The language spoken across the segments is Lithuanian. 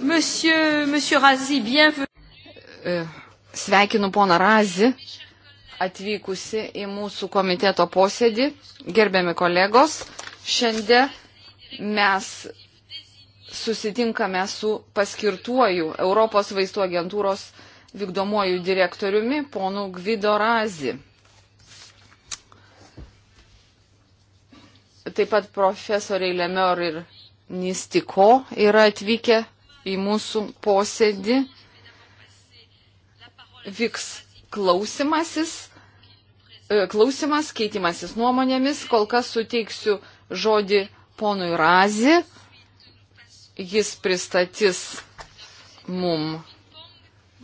Monsieur, monsieur Razi, bienvenue. Sveikinu poną Razi atvykusi į mūsų komiteto posėdį. Gerbiami kolegos, šiandien mes susitinkame su paskirtuoju Europos vaistų agentūros vykdomuoju direktoriumi, ponu Gvido Razi. Taip pat profesoriai Lemior ir Nistiko yra atvykę į mūsų posėdį. Vyks klausimasis, e, klausimas, keitimasis nuomonėmis. Kol kas suteiksiu žodį ponui Razi. Jis pristatys mum,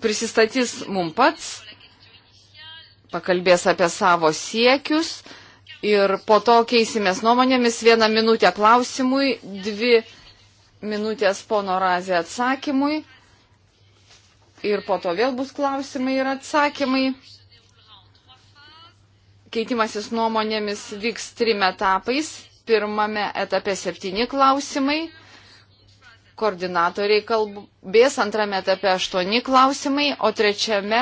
prisistatys mum pats, pakalbės apie savo siekius ir po to keisimės nuomonėmis vieną minutę klausimui, dvi minutės pono Razė atsakymui ir po to vėl bus klausimai ir atsakymai. Keitimasis nuomonėmis vyks trim etapais. Pirmame etape septyni klausimai. Koordinatoriai kalbės, antrame etape aštuoni klausimai, o trečiame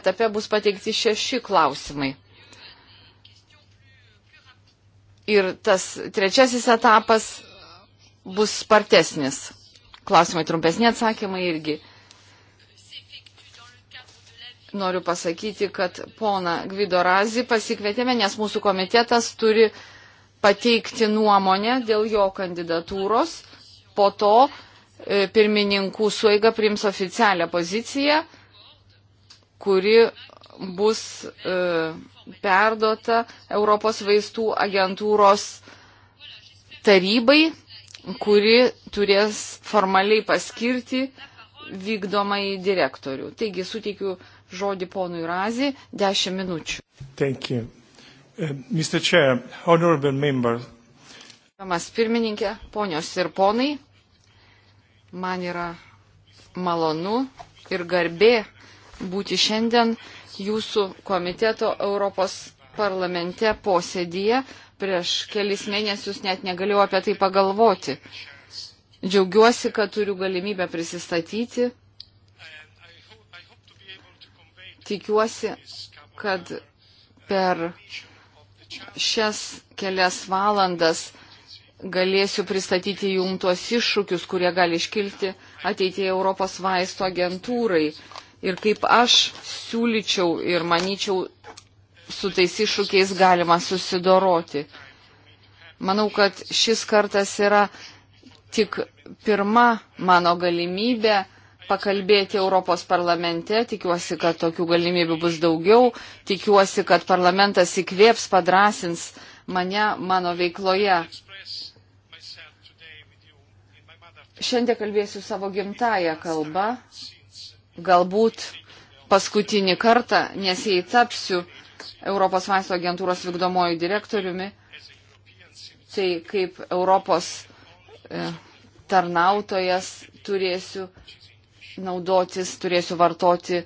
etape bus pateikti šeši klausimai ir tas trečiasis etapas bus spartesnis. Klausimai trumpesni atsakymai irgi. Noriu pasakyti, kad pona Gvido Razį pasikvietėme, nes mūsų komitetas turi pateikti nuomonę dėl jo kandidatūros. Po to e, pirmininkų suiga priims oficialią poziciją, kuri bus e, perdota Europos vaistų agentūros tarybai, kuri turės formaliai paskirti vykdomai direktorių. Taigi suteikiu žodį ponui Razi, 10 minučių. Thank you. Uh, Mr. Chair, honorable member. Pamas pirmininkė, ponios ir ponai, man yra malonu ir garbė būti šiandien jūsų komiteto Europos parlamente posėdyje. Prieš kelis mėnesius net negalėjau apie tai pagalvoti. Džiaugiuosi, kad turiu galimybę prisistatyti. Tikiuosi, kad per šias kelias valandas galėsiu pristatyti jums tuos iššūkius, kurie gali iškilti ateityje Europos vaisto agentūrai ir kaip aš siūlyčiau ir manyčiau, su tais iššūkiais galima susidoroti. Manau, kad šis kartas yra tik pirma mano galimybė pakalbėti Europos parlamente. Tikiuosi, kad tokių galimybių bus daugiau. Tikiuosi, kad parlamentas įkvėps, padrasins mane mano veikloje. Šiandien kalbėsiu savo gimtają kalbą galbūt paskutinį kartą, nes jei tapsiu Europos vaisto agentūros vykdomoju direktoriumi, tai kaip Europos e, tarnautojas turėsiu naudotis, turėsiu vartoti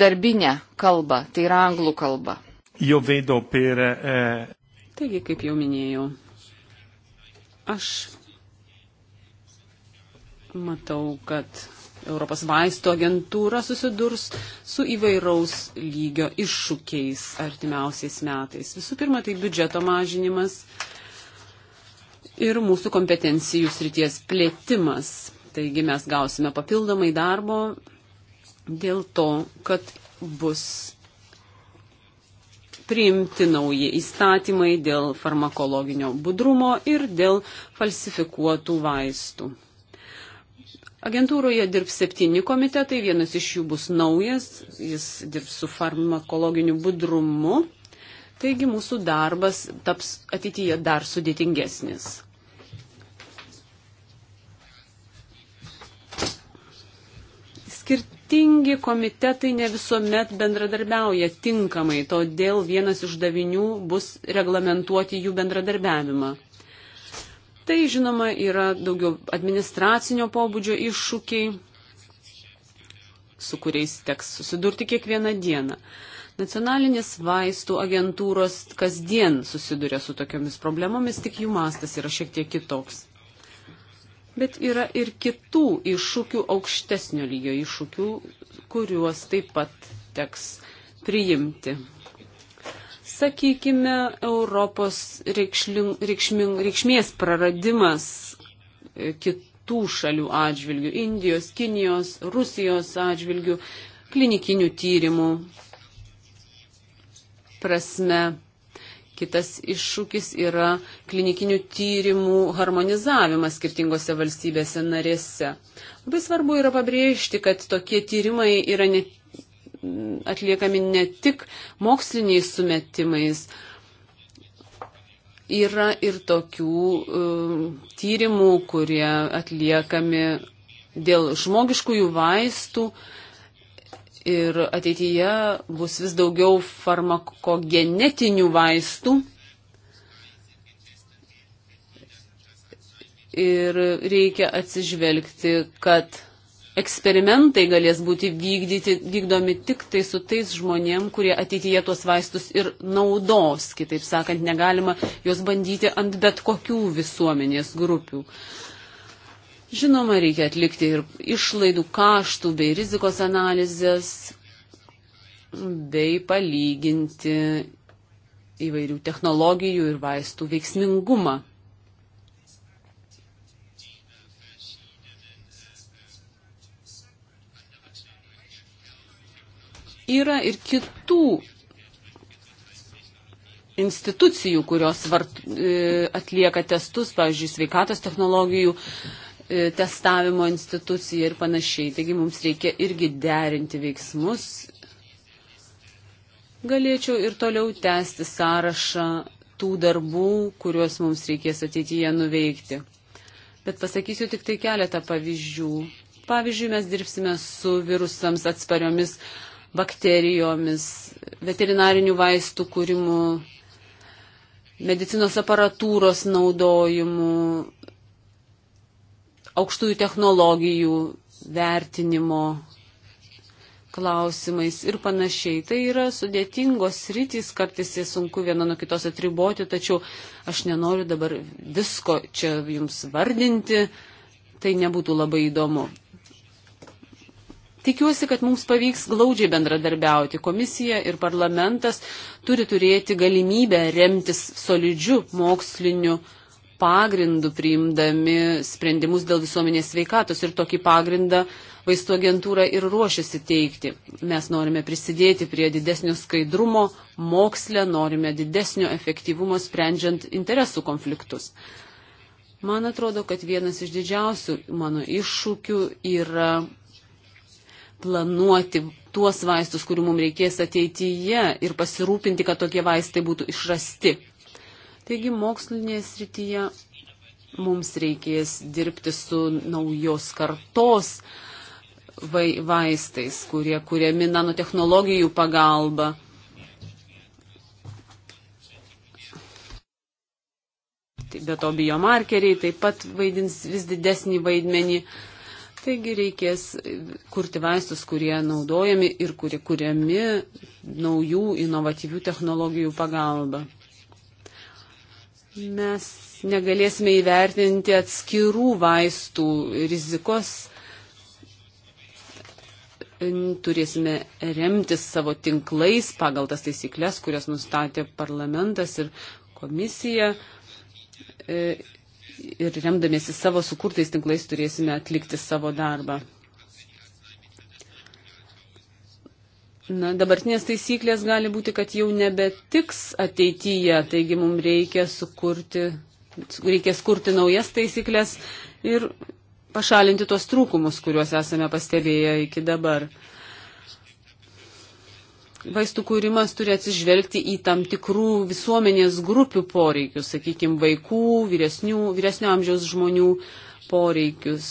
darbinę kalbą, tai yra anglų kalba. Jo veido per. E... Taigi, kaip jau minėjau, aš matau, kad Europos vaisto agentūra susidurs su įvairaus lygio iššūkiais artimiausiais metais. Visų pirma, tai biudžeto mažinimas ir mūsų kompetencijų srities plėtimas. Taigi mes gausime papildomai darbo dėl to, kad bus priimti nauji įstatymai dėl farmakologinio budrumo ir dėl falsifikuotų vaistų. Agentūroje dirbs septyni komitetai, vienas iš jų bus naujas, jis dirbs su farmakologiniu budrumu, taigi mūsų darbas taps ateityje dar sudėtingesnis. Skirtingi komitetai ne visuomet bendradarbiauja tinkamai, todėl vienas iš davinių bus reglamentuoti jų bendradarbiavimą. Tai, žinoma, yra daugiau administracinio pobūdžio iššūkiai, su kuriais teks susidurti kiekvieną dieną. Nacionalinės vaistų agentūros kasdien susiduria su tokiamis problemomis, tik jų mastas yra šiek tiek kitoks. Bet yra ir kitų iššūkių, aukštesnio lygio iššūkių, kuriuos taip pat teks priimti sakykime, Europos reikšlim, reikšming, reikšmės praradimas e, kitų šalių atžvilgių - Indijos, Kinijos, Rusijos atžvilgių, klinikinių tyrimų prasme. Kitas iššūkis yra klinikinių tyrimų harmonizavimas skirtingose valstybėse narėse. Labai svarbu yra pabrėžti, kad tokie tyrimai yra ne atliekami ne tik moksliniais sumetimais. Yra ir tokių uh, tyrimų, kurie atliekami dėl žmogiškųjų vaistų ir ateityje bus vis daugiau farmakogenetinių vaistų. Ir reikia atsižvelgti, kad eksperimentai galės būti vykdyti, vykdomi tik tai su tais žmonėm, kurie ateityje tuos vaistus ir naudos. Kitaip sakant, negalima juos bandyti ant bet kokių visuomenės grupių. Žinoma, reikia atlikti ir išlaidų kaštų bei rizikos analizės, bei palyginti įvairių technologijų ir vaistų veiksmingumą. yra ir kitų institucijų, kurios vart, e, atlieka testus, pavyzdžiui, sveikatos technologijų e, testavimo institucija ir panašiai. Taigi mums reikia irgi derinti veiksmus. Galėčiau ir toliau tęsti sąrašą tų darbų, kuriuos mums reikės ateityje nuveikti. Bet pasakysiu tik tai keletą pavyzdžių. Pavyzdžiui, mes dirbsime su virusams atspariomis uh, bakterijomis, veterinarinių vaistų kūrimu, medicinos aparatūros naudojimu, aukštųjų technologijų vertinimo klausimais ir panašiai. Tai yra sudėtingos rytis, kartais jie sunku viena nuo kitos atriboti, tačiau aš nenoriu dabar visko čia jums vardinti, tai nebūtų labai įdomu. Tikiuosi, kad mums pavyks glaudžiai bendradarbiauti. Komisija ir parlamentas turi turėti galimybę remtis solidžiu moksliniu pagrindu priimdami sprendimus dėl visuomenės sveikatos ir tokį pagrindą vaistų agentūra ir ruošiasi teikti. Mes norime prisidėti prie didesnio skaidrumo moksle, norime didesnio efektyvumo sprendžiant interesų konfliktus. Man atrodo, kad vienas iš didžiausių mano iššūkių yra planuoti tuos vaistus, kurių mums reikės ateityje ir pasirūpinti, kad tokie vaistai būtų išrasti. Taigi mokslinėje srityje mums reikės dirbti su naujos kartos vai, vaistais, kurie kuriami nanotehnologijų pagalba. Be to biomarkeriai taip pat vaidins vis didesnį vaidmenį. Uh, Taigi reikės kurti vaistus, kurie naudojami ir kurie kuriami naujų inovatyvių technologijų pagalba. Mes negalėsime įvertinti atskirų vaistų rizikos turėsime remtis savo tinklais pagal tas taisyklės, kurias nustatė parlamentas ir komisija. E, ir remdamiesi savo sukurtais tinklais turėsime atlikti savo darbą. Na, dabartinės taisyklės gali būti, kad jau nebetiks ateityje, taigi mums reikia sukurti, reikės kurti naujas taisyklės ir pašalinti tuos trūkumus, kuriuos esame pastebėję iki dabar vaistų kūrimas turi atsižvelgti į tam tikrų visuomenės grupių poreikius, sakykime, vaikų, vyresnių, vyresnio amžiaus žmonių poreikius.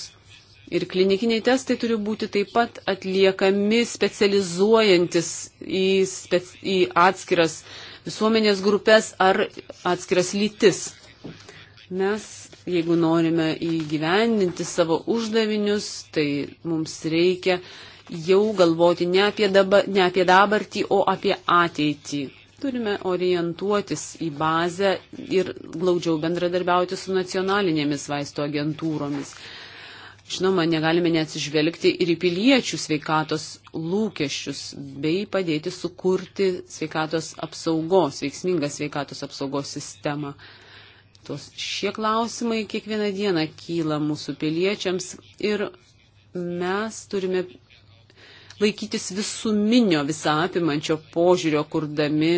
Ir klinikiniai testai turi būti taip pat atliekami specializuojantis į, spec, į atskiras visuomenės grupės ar atskiras lytis. Mes, jeigu norime įgyvendinti savo uždavinius, tai mums reikia uh, jau galvoti ne apie, dabar, ne apie dabartį, o apie ateitį. Turime orientuotis į bazę ir glaudžiau bendradarbiauti su nacionalinėmis vaisto agentūromis. Žinoma, negalime neatsižvelgti ir į piliečių sveikatos lūkesčius, bei padėti sukurti sveikatos apsaugos, veiksmingą sveikatos apsaugos sistemą. Tos šie klausimai kiekvieną dieną kyla mūsų piliečiams ir mes turime laikytis visuminio visą apimančio požiūrio, kurdami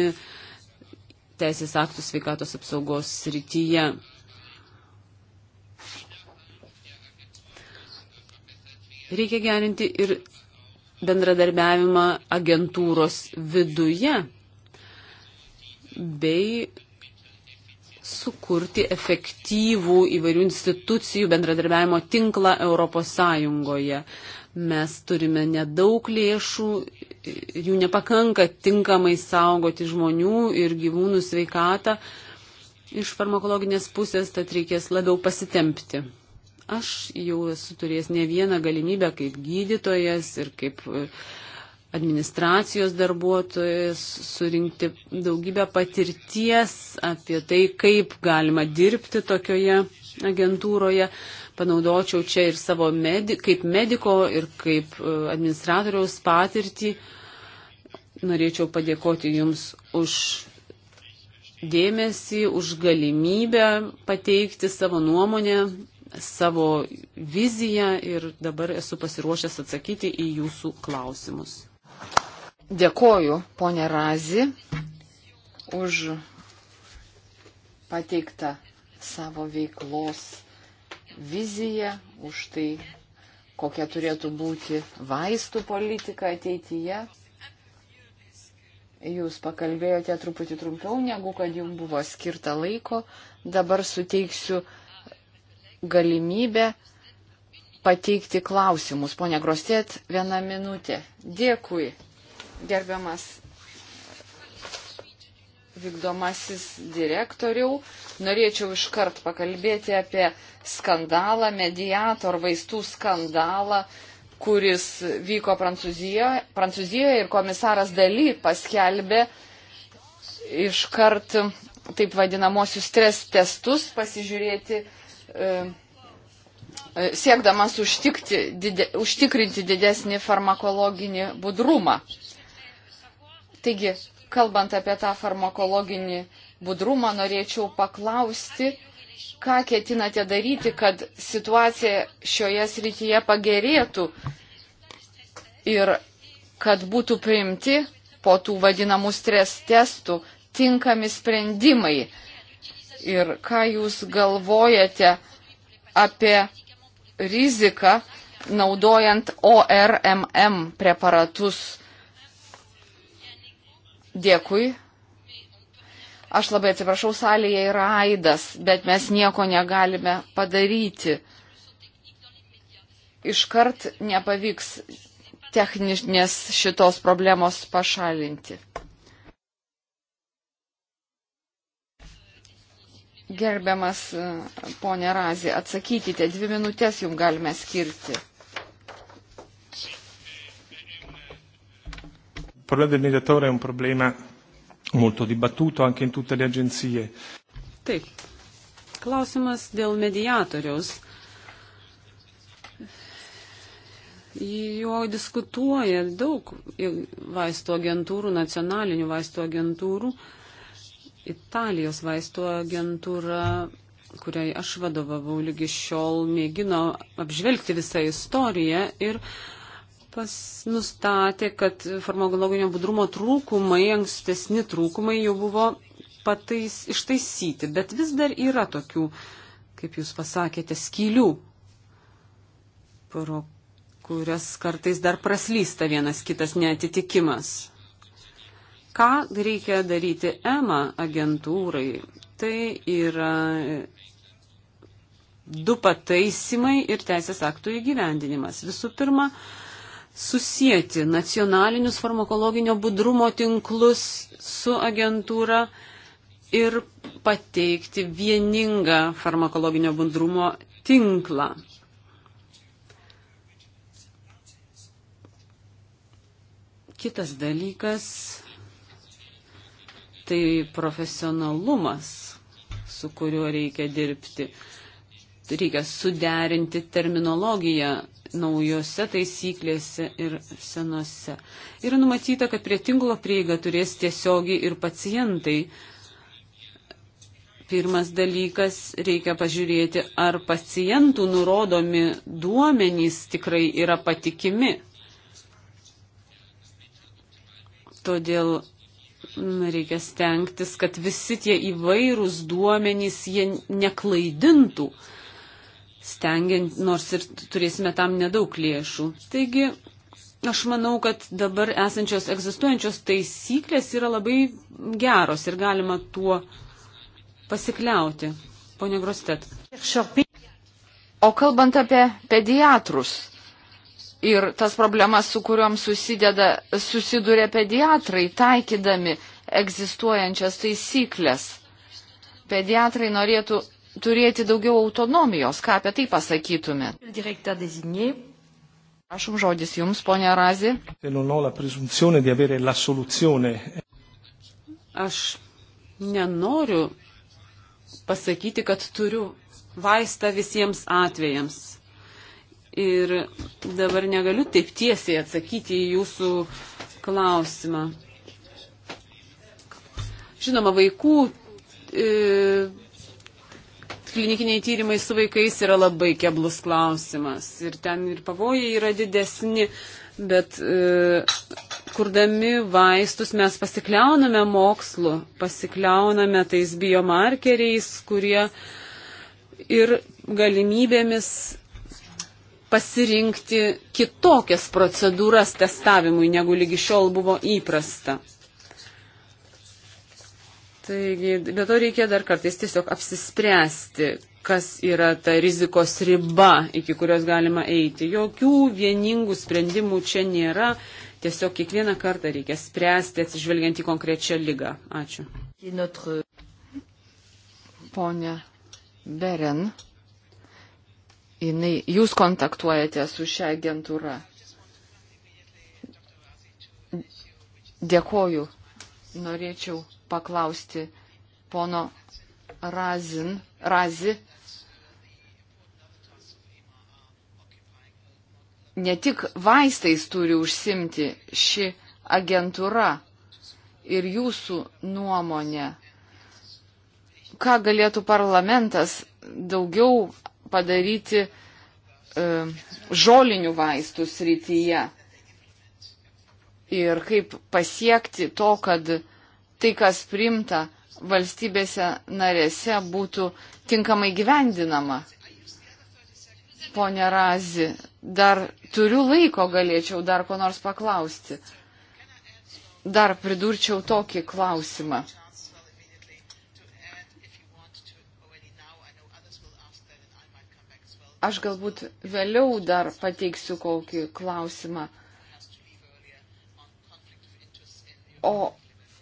teisės aktų sveikatos apsaugos srityje. Reikia gerinti ir bendradarbiavimą agentūros viduje bei sukurti efektyvų įvairių institucijų bendradarbiavimo tinklą Europos Sąjungoje mes turime nedaug lėšų, jų nepakanka tinkamai saugoti žmonių ir gyvūnų sveikatą. Iš farmakologinės pusės tad reikės labiau pasitempti. Aš jau esu turėjęs ne vieną galimybę kaip gydytojas ir kaip e, administracijos darbuotojas surinkti daugybę patirties apie tai, kaip galima dirbti tokioje agentūroje. Panaudočiau čia ir savo medi kaip mediko, ir kaip e, administratoriaus patirtį. Norėčiau padėkoti Jums už dėmesį, už galimybę pateikti savo nuomonę, savo viziją ir dabar esu pasiruošęs atsakyti į Jūsų klausimus. Dėkoju, ponė Razi, už pateiktą savo veiklos viziją, už tai, kokia turėtų būti vaistų politika ateityje. Jūs pakalbėjote truputį trumpiau, negu kad jums buvo skirta laiko. Dabar suteiksiu galimybę pateikti klausimus. Pone Grostėt, vieną minutę. Dėkui, gerbiamas vykdomasis direktoriau, norėčiau iškart pakalbėti apie skandalą, mediator vaistų skandalą, kuris vyko Prancūzijoje, Prancūzijoje ir komisaras Daly paskelbė iškart taip vadinamosius stres testus pasižiūrėti, e, e, siekdamas užtikti, dide, užtikrinti didesnį farmakologinį budrumą. Taigi, kalbant apie tą farmakologinį budrumą, norėčiau paklausti, ką ketinate daryti, kad situacija šioje srityje pagerėtų ir kad būtų priimti po tų vadinamų stres testų tinkami sprendimai. Ir ką jūs galvojate apie riziką naudojant ORMM preparatus Dėkui. Aš labai atsiprašau, salėje yra aidas, bet mes nieko negalime padaryti. Iškart nepavyks techninės šitos problemos pašalinti. Gerbiamas e, ponė Razė, atsakykite, dvi minutės jums galime skirti. problema del mediatore è un problema molto dibattuto anche in tutte le agenzie. Taip. Klausimas dėl mediatoriaus. Jo diskutuoja daug vaistų agentūrų, nacionalinių vaistų agentūrų. Italijos vaistų agentūra, kuriai aš vadovavau lygi šiol, mėgino apžvelgti visą istoriją ir uh, pas, nustatė, kad farmakologinio budrumo trūkumai, ankstesni trūkumai jau buvo patais, ištaisyti, bet vis dar yra tokių, kaip jūs pasakėte, skylių, pro kurias kartais dar praslysta vienas kitas neatitikimas. Ką reikia daryti EMA agentūrai? Tai yra du pataisimai ir teisės aktų įgyvendinimas. Visų pirma, susijęti nacionalinius farmakologinio budrumo tinklus su agentūra ir pateikti vieningą farmakologinio budrumo tinklą. Kitas dalykas tai profesionalumas, su kuriuo reikia dirbti reikia suderinti terminologiją naujose taisyklėse ir senose. Yra numatyta, kad prie tinklo prieiga turės tiesiogiai ir pacientai. Pirmas dalykas, reikia pažiūrėti, ar pacientų nurodomi duomenys tikrai yra patikimi. Todėl mm, reikia stengtis, kad visi tie įvairūs duomenys jie neklaidintų. Uh, stengiant, nors ir turėsime tam nedaug lėšų. Taigi, aš manau, kad dabar esančios egzistuojančios taisyklės yra labai geros ir galima tuo pasikliauti. Pone Grostet. O kalbant apie pediatrus ir tas problemas, su kuriuom susiduria pediatrai, taikydami egzistuojančias taisyklės. Pediatrai norėtų turėti daugiau autonomijos. Ką apie tai pasakytumėt? Prašom žodis Jums, ponia Razi. Aš nenoriu pasakyti, kad turiu vaistą visiems atvejams. Ir dabar negaliu taip tiesiai atsakyti į Jūsų klausimą. Žinoma, vaikų e, klinikiniai tyrimai su vaikais yra labai keblus klausimas. Ir ten ir pavojai yra didesni, bet e, kurdami vaistus mes pasikliauname mokslu, pasikliauname tais biomarkeriais, kurie ir galimybėmis pasirinkti kitokias procedūras testavimui, negu lygi šiol buvo įprasta. Taigi, dėl to reikia dar kartais tiesiog apsispręsti, kas yra ta rizikos riba, iki kurios galima eiti. Jokių vieningų sprendimų čia nėra. Tiesiog kiekvieną kartą reikia spręsti atsižvelgiant į konkrečią lygą. Ačiū. Pone Beren, jinai, jūs kontaktuojate su šią agentūrą. Dėkoju. Norėčiau paklausti pono Razin, Razi. Ne tik vaistais turi užsimti ši agentūra ir jūsų nuomonė, ką galėtų parlamentas daugiau padaryti e, žolinių vaistų srityje ir kaip pasiekti to, kad tai, kas primta valstybėse narėse, būtų tinkamai gyvendinama. Pone Razi, dar turiu laiko, galėčiau dar ko nors paklausti. Dar pridurčiau tokį klausimą. Aš galbūt vėliau dar pateiksiu kokį klausimą. O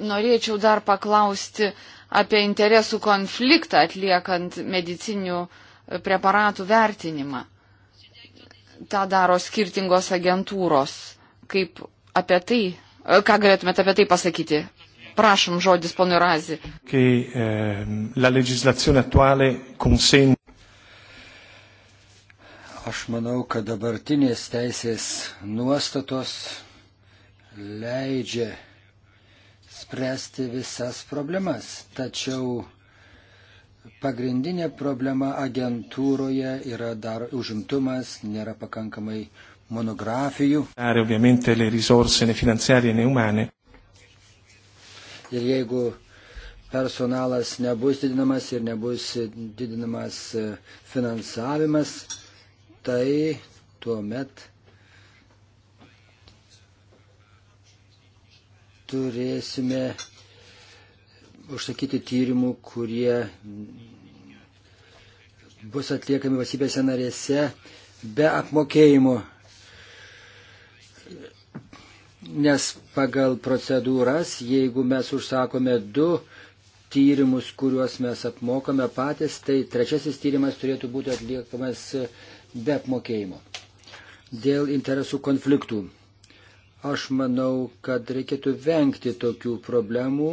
norėčiau dar paklausti apie interesų konfliktą atliekant medicinių e, preparatų vertinimą. Ta daro skirtingos agentūros. Kaip apie tai, e, ką galėtumėte apie tai pasakyti? Prašom žodis ponui Razi. Kai, eh, la Aš manau, kad dabartinės teisės nuostatos leidžia spręsti visas problemas. Tačiau pagrindinė problema agentūroje yra dar užimtumas, nėra pakankamai monografijų. Ir jeigu personalas nebus didinamas ir nebus didinamas e, finansavimas, tai tuo met turėsime užsakyti tyrimų, kurie bus atliekami valstybėse narėse be apmokėjimo. Nes pagal procedūras, jeigu mes užsakome du tyrimus, kuriuos mes apmokame patys, tai trečiasis tyrimas turėtų būti atliekamas be apmokėjimo. Dėl interesų konfliktų Aš manau, kad reikėtų vengti tokių problemų,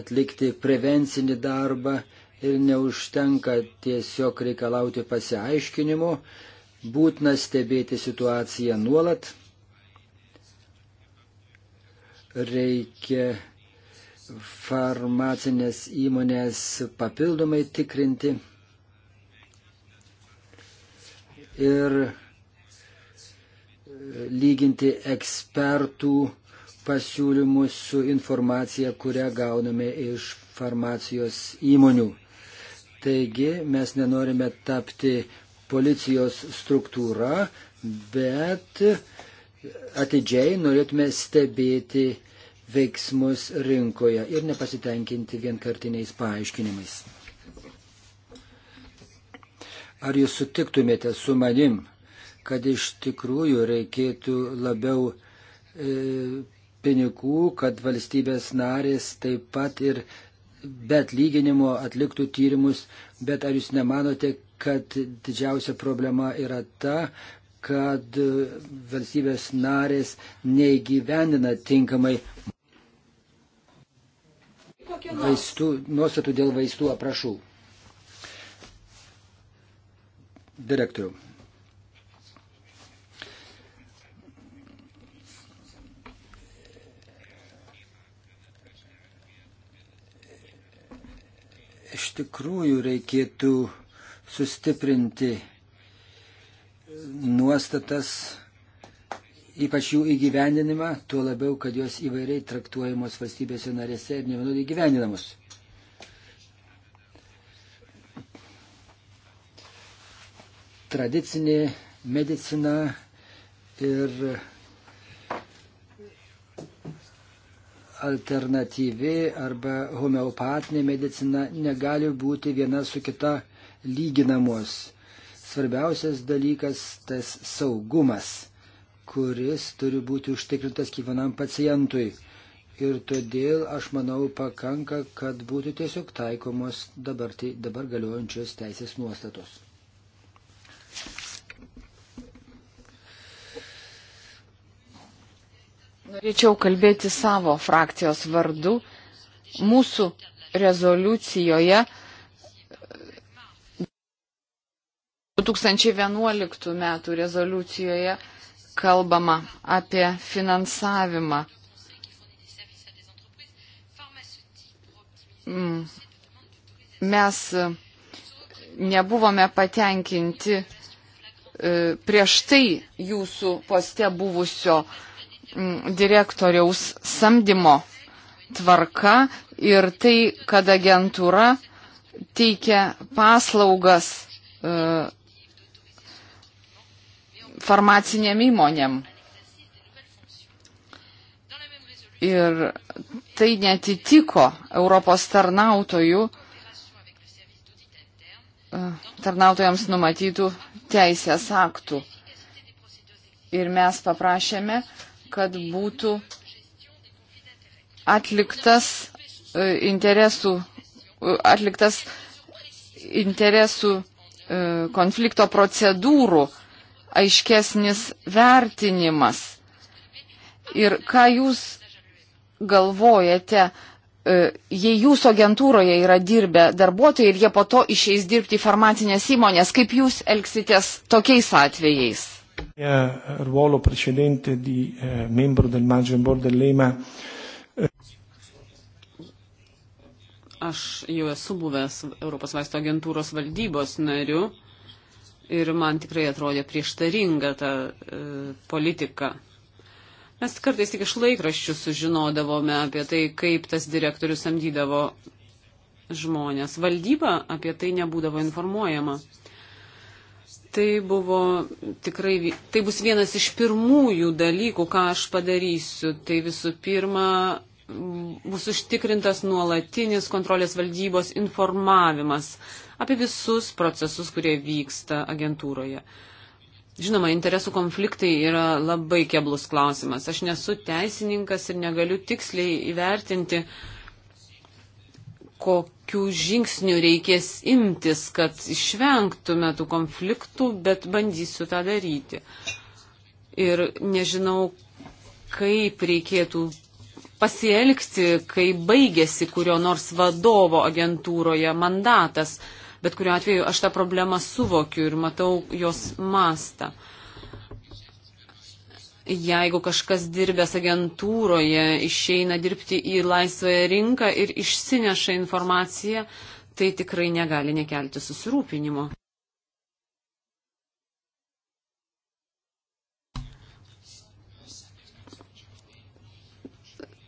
atlikti prevencinį darbą ir neužtenka tiesiog reikalauti pasiaiškinimo, būtina stebėti situaciją nuolat, reikia farmacinės įmonės papildomai tikrinti ir lyginti ekspertų pasiūlymus su informacija, kurią gauname iš farmacijos įmonių. Taigi mes nenorime tapti policijos struktūra, bet atidžiai norėtume stebėti veiksmus rinkoje ir nepasitenkinti vienkartiniais paaiškinimais. Ar jūs sutiktumėte su manim, kad iš tikrųjų reikėtų labiau e, pinigų, kad valstybės narės taip pat ir be atlyginimo atliktų tyrimus, bet ar jūs nemanote, kad didžiausia problema yra ta, kad e, valstybės narės neįgyvendina tinkamai vaistų, nuostatų dėl vaistų aprašų. Direktoriu. iš tikrųjų reikėtų sustiprinti nuostatas, ypač jų įgyvendinimą, tuo labiau, kad jos įvairiai traktuojamos valstybėse narėse ir nevienodai įgyvendinamos. Tradicinė medicina ir alternatyvi arba homeopatinė medicina negali būti viena su kita lyginamos. Svarbiausias dalykas tas saugumas, kuris turi būti užtikrintas kiekvienam pacientui. Ir todėl aš manau pakanka, kad būtų tiesiog taikomos dabar, tai, dabar galiojančios teisės nuostatos. Norėčiau kalbėti savo frakcijos vardu. Mūsų rezoliucijoje 2011 metų rezoliucijoje kalbama apie finansavimą. Mm. Mes nebuvome patenkinti e, prieš tai jūsų poste buvusio uh, Mm, direktoriaus samdymo tvarka ir tai, kad agentūra teikia paslaugas e, farmacinėm įmonėm. Ir tai netitiko Europos tarnautojų, e, tarnautojams numatytų teisės aktų. Ir mes paprašėme, kad būtų atliktas e, interesų, e, atliktas interesų e, konflikto procedūrų aiškesnis vertinimas. Ir ką jūs galvojate, jei jūsų agentūroje yra dirbę darbuotojai ir jie po to išeis dirbti į farmacinės įmonės, kaip jūs elgsitės tokiais atvejais? Eh, ruolo precedente di eh, membro del Margin Board dell'EMA. Aš jau esu buvęs Europos vaisto agentūros valdybos nariu ir man tikrai atrodė prieštaringa ta e, politika. Mes kartais tik iš laikraščių sužinodavome apie tai, kaip tas direktorius samdydavo žmonės. Valdyba apie tai nebūdavo informuojama tai buvo tikrai, tai bus vienas iš pirmųjų dalykų, ką aš padarysiu. Tai visų pirma, bus užtikrintas nuolatinis kontrolės valdybos informavimas apie visus procesus, kurie vyksta agentūroje. Žinoma, interesų konfliktai yra labai keblus klausimas. Aš nesu teisininkas ir negaliu tiksliai įvertinti, kok kokių žingsnių reikės imtis, kad išvengtume tų konfliktų, bet bandysiu tą daryti. Ir nežinau, kaip reikėtų pasielgti, kai baigėsi kurio nors vadovo agentūroje mandatas, bet kuriuo atveju aš tą problemą suvokiu ir matau jos mastą. Uh, jeigu kažkas dirbęs agentūroje išeina dirbti į laisvąją rinką ir išsineša informaciją, tai tikrai negali nekelti susirūpinimo.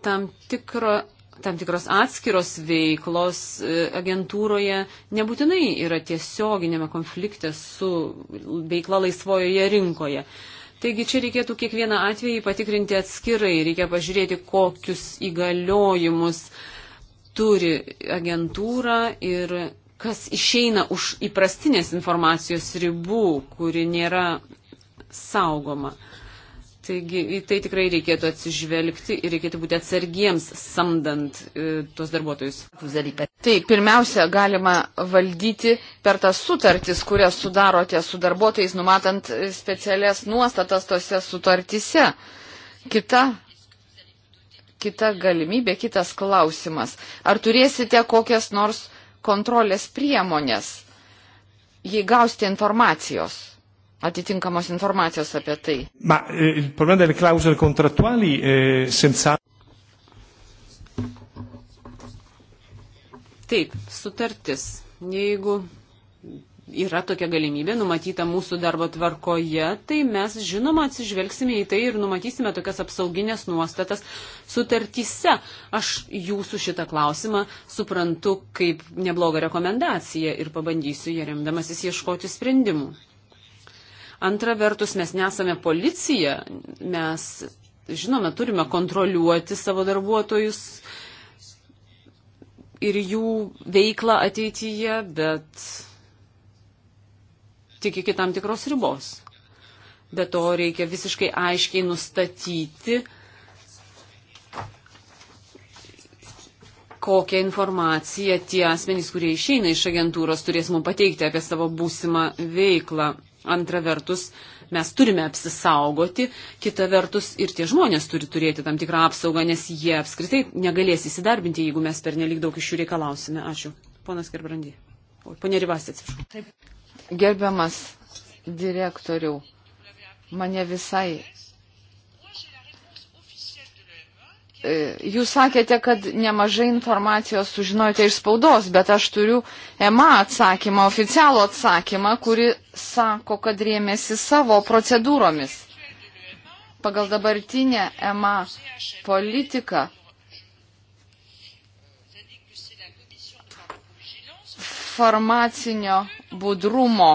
Tam, tikro, tam tikros atskiros veiklos e, agentūroje nebūtinai yra tiesioginėme konflikte su veikla laisvojoje rinkoje. Uh, Taigi čia reikėtų kiekvieną atvejį patikrinti atskirai, reikia pažiūrėti, kokius įgaliojimus turi agentūra ir kas išeina už įprastinės informacijos ribų, kuri nėra saugoma. Uh, Taigi į tai tikrai reikėtų atsižvelgti ir reikėtų būti atsargiems samdant e, tuos darbuotojus. Tai pirmiausia, galima valdyti per tas sutartis, kurias sudarote su darbuotojais, numatant specialias nuostatas tose sutartise. Kita, kita galimybė, kitas klausimas. Ar turėsite kokias nors kontrolės priemonės, jei gausite informacijos? atitinkamos informacijos apie tai. Ma eh, il problema delle clausole contrattuali eh, senza. Taip, sutartis. Jeigu yra tokia galimybė numatyta mūsų darbo tvarkoje, tai mes žinoma atsižvelgsime į tai ir numatysime tokias apsauginės nuostatas sutartyse. Aš jūsų šitą klausimą suprantu kaip neblogą rekomendaciją ir pabandysiu ją remdamasis ieškoti sprendimų. Antra vertus, mes nesame policija, mes, žinome, turime kontroliuoti savo darbuotojus ir jų veiklą ateityje, bet tik iki tam tikros ribos. Be to reikia visiškai aiškiai nustatyti, kokią informaciją tie asmenys, kurie išeina iš agentūros, turės mums pateikti apie savo būsimą veiklą. Antra vertus, mes turime apsisaugoti, kita vertus ir tie žmonės turi turėti tam tikrą apsaugą, nes jie apskritai negalės įsidarbinti, jeigu mes per nelik daug iš jų reikalausime. Ačiū. Ponas Gerbrandy. Pone Rivas, atsiprašau. Gerbiamas direktoriau, mane visai E, jūs sakėte, kad nemažai informacijos sužinojote iš spaudos, bet aš turiu EMA atsakymą, oficialų atsakymą, kuri sako, kad rėmėsi savo procedūromis. Pagal dabartinę EMA politiką farmacinio budrumo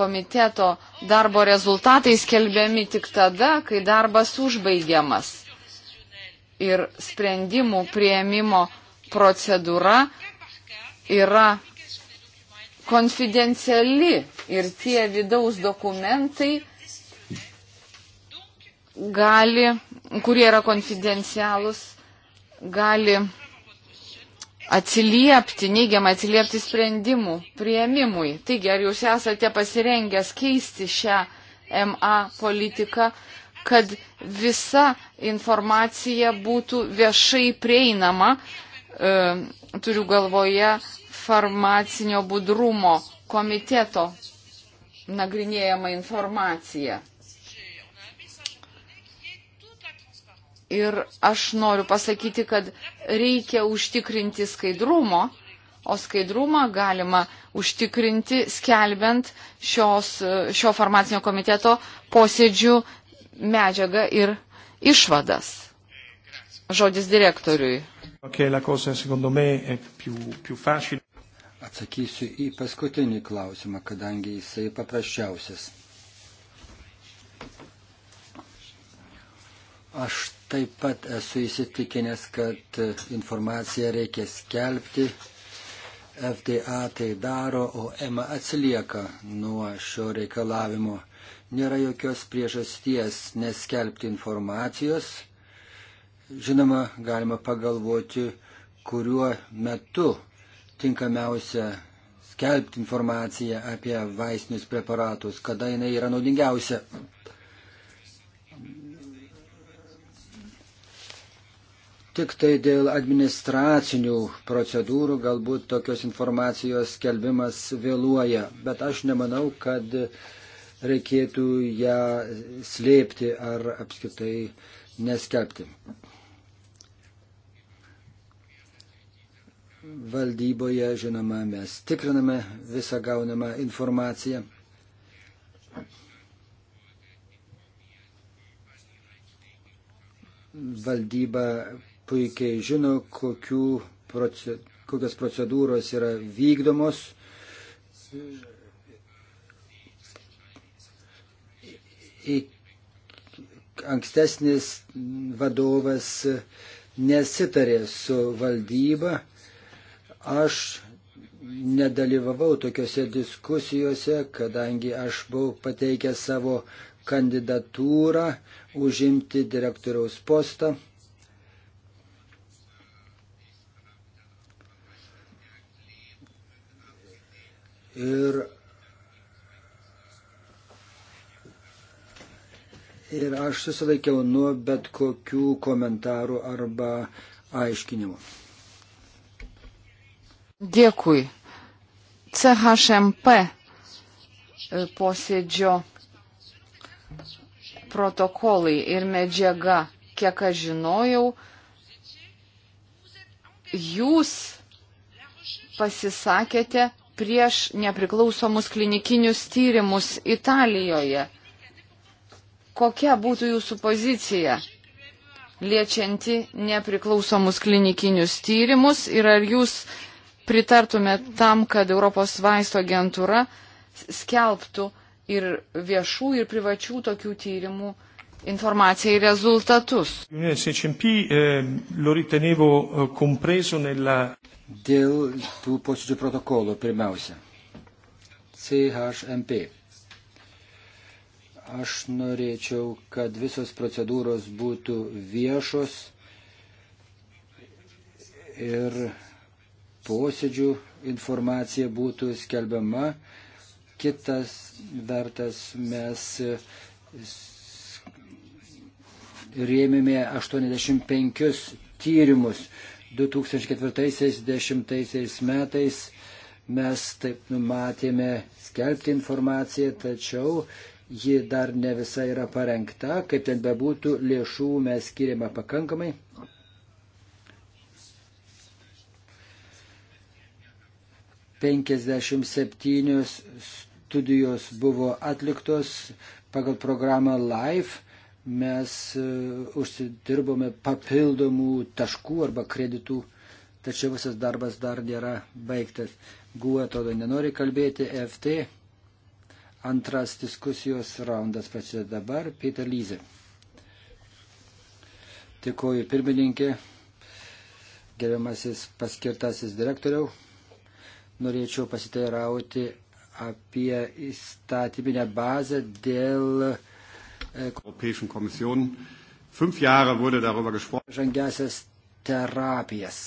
komiteto darbo rezultatai skelbiami tik tada, kai darbas užbaigiamas ir sprendimų prieimimo procedūra yra konfidenciali ir tie vidaus dokumentai gali, kurie yra konfidencialūs, gali atsiliepti, neigiamai atsiliepti sprendimų prieimimui. Taigi, ar jūs esate pasirengęs keisti šią MA politiką kad visa informacija būtų viešai prieinama, e, turiu galvoje farmacinio budrumo komiteto nagrinėjama informacija. Ir aš noriu pasakyti, kad reikia užtikrinti skaidrumo, o skaidrumą galima užtikrinti skelbiant šios, šio farmacinio komiteto posėdžių medžiagą ir išvadas. Žodis direktoriui. Atsakysiu į paskutinį klausimą, kadangi jisai paprasčiausias. Aš taip pat esu įsitikinęs, kad informaciją reikia skelbti. FDA tai daro, o EMA atsilieka nuo šio reikalavimo nėra jokios priežasties neskelbti informacijos. Žinoma, galima pagalvoti, kuriuo metu tinkamiausia skelbti informaciją apie vaistinius preparatus, kada jinai yra naudingiausia. Tik tai dėl administracinių procedūrų galbūt tokios informacijos skelbimas vėluoja, bet aš nemanau, kad reikėtų ją slėpti ar apskritai neskelbti. Valdyboje, žinoma, mes tikriname visą gaunamą informaciją. Valdyba puikiai žino, kokių procedūrų kokios procedūros yra vykdomos ankstesnis vadovas nesitarė su valdyba. Aš nedalyvavau tokiuose diskusijuose, kadangi aš buvau pateikęs savo kandidatūrą užimti direktoriaus postą. Ir ir aš susilaikiau nuo bet kokių komentarų arba aiškinimų. Dėkui. CHMP e, posėdžio protokolai ir medžiaga, kiek aš žinojau, jūs pasisakėte prieš nepriklausomus klinikinius tyrimus Italijoje kokia būtų jūsų pozicija liečianti nepriklausomus klinikinius tyrimus ir ar jūs pritartumėt tam, kad Europos vaisto agentūra skelbtų ir viešų, ir privačių tokių tyrimų informaciją ir rezultatus. Eh, eh, Dėl tų posėdžių protokolų pirmiausia. CHMP. Aš norėčiau, kad visos procedūros būtų viešos ir posėdžių informacija būtų skelbiama. Kitas vertas mes rėmėme 85 tyrimus 2004-2010 metais. Mes taip numatėme skelbti informaciją, tačiau ji dar ne visa yra parengta, kaip ten bebūtų, lėšų mes skiriame pakankamai. Penkiasdešimt septynios studijos buvo atliktos pagal programą LIFE. Mes e, užsidirbome papildomų taškų arba kreditų, tačiau visas darbas dar nėra baigtas. GUE atrodo nenori kalbėti, FT Antras diskusijos raundas prasideda dabar. Peter Lyze. Tikoju pirmininkė, gerbiamasis paskirtasis direktoriau. Norėčiau pasiteirauti apie įstatyminę bazę dėl. E, Europäischen Kommission. Fünf Jahre wurde darüber gesprochen. Žangiasias terapijas.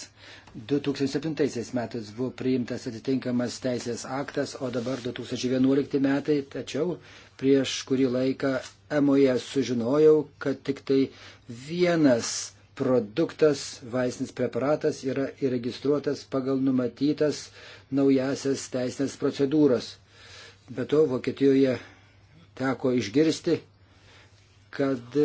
2007 metais buvo priimtas atitinkamas teisės aktas, o dabar 2011 metai, tačiau prieš kurį laiką emoje sužinojau, kad tik tai vienas produktas, vaistinis preparatas yra įregistruotas pagal numatytas naujasias teisinės procedūras. Be to, Vokietijoje teko išgirsti, kad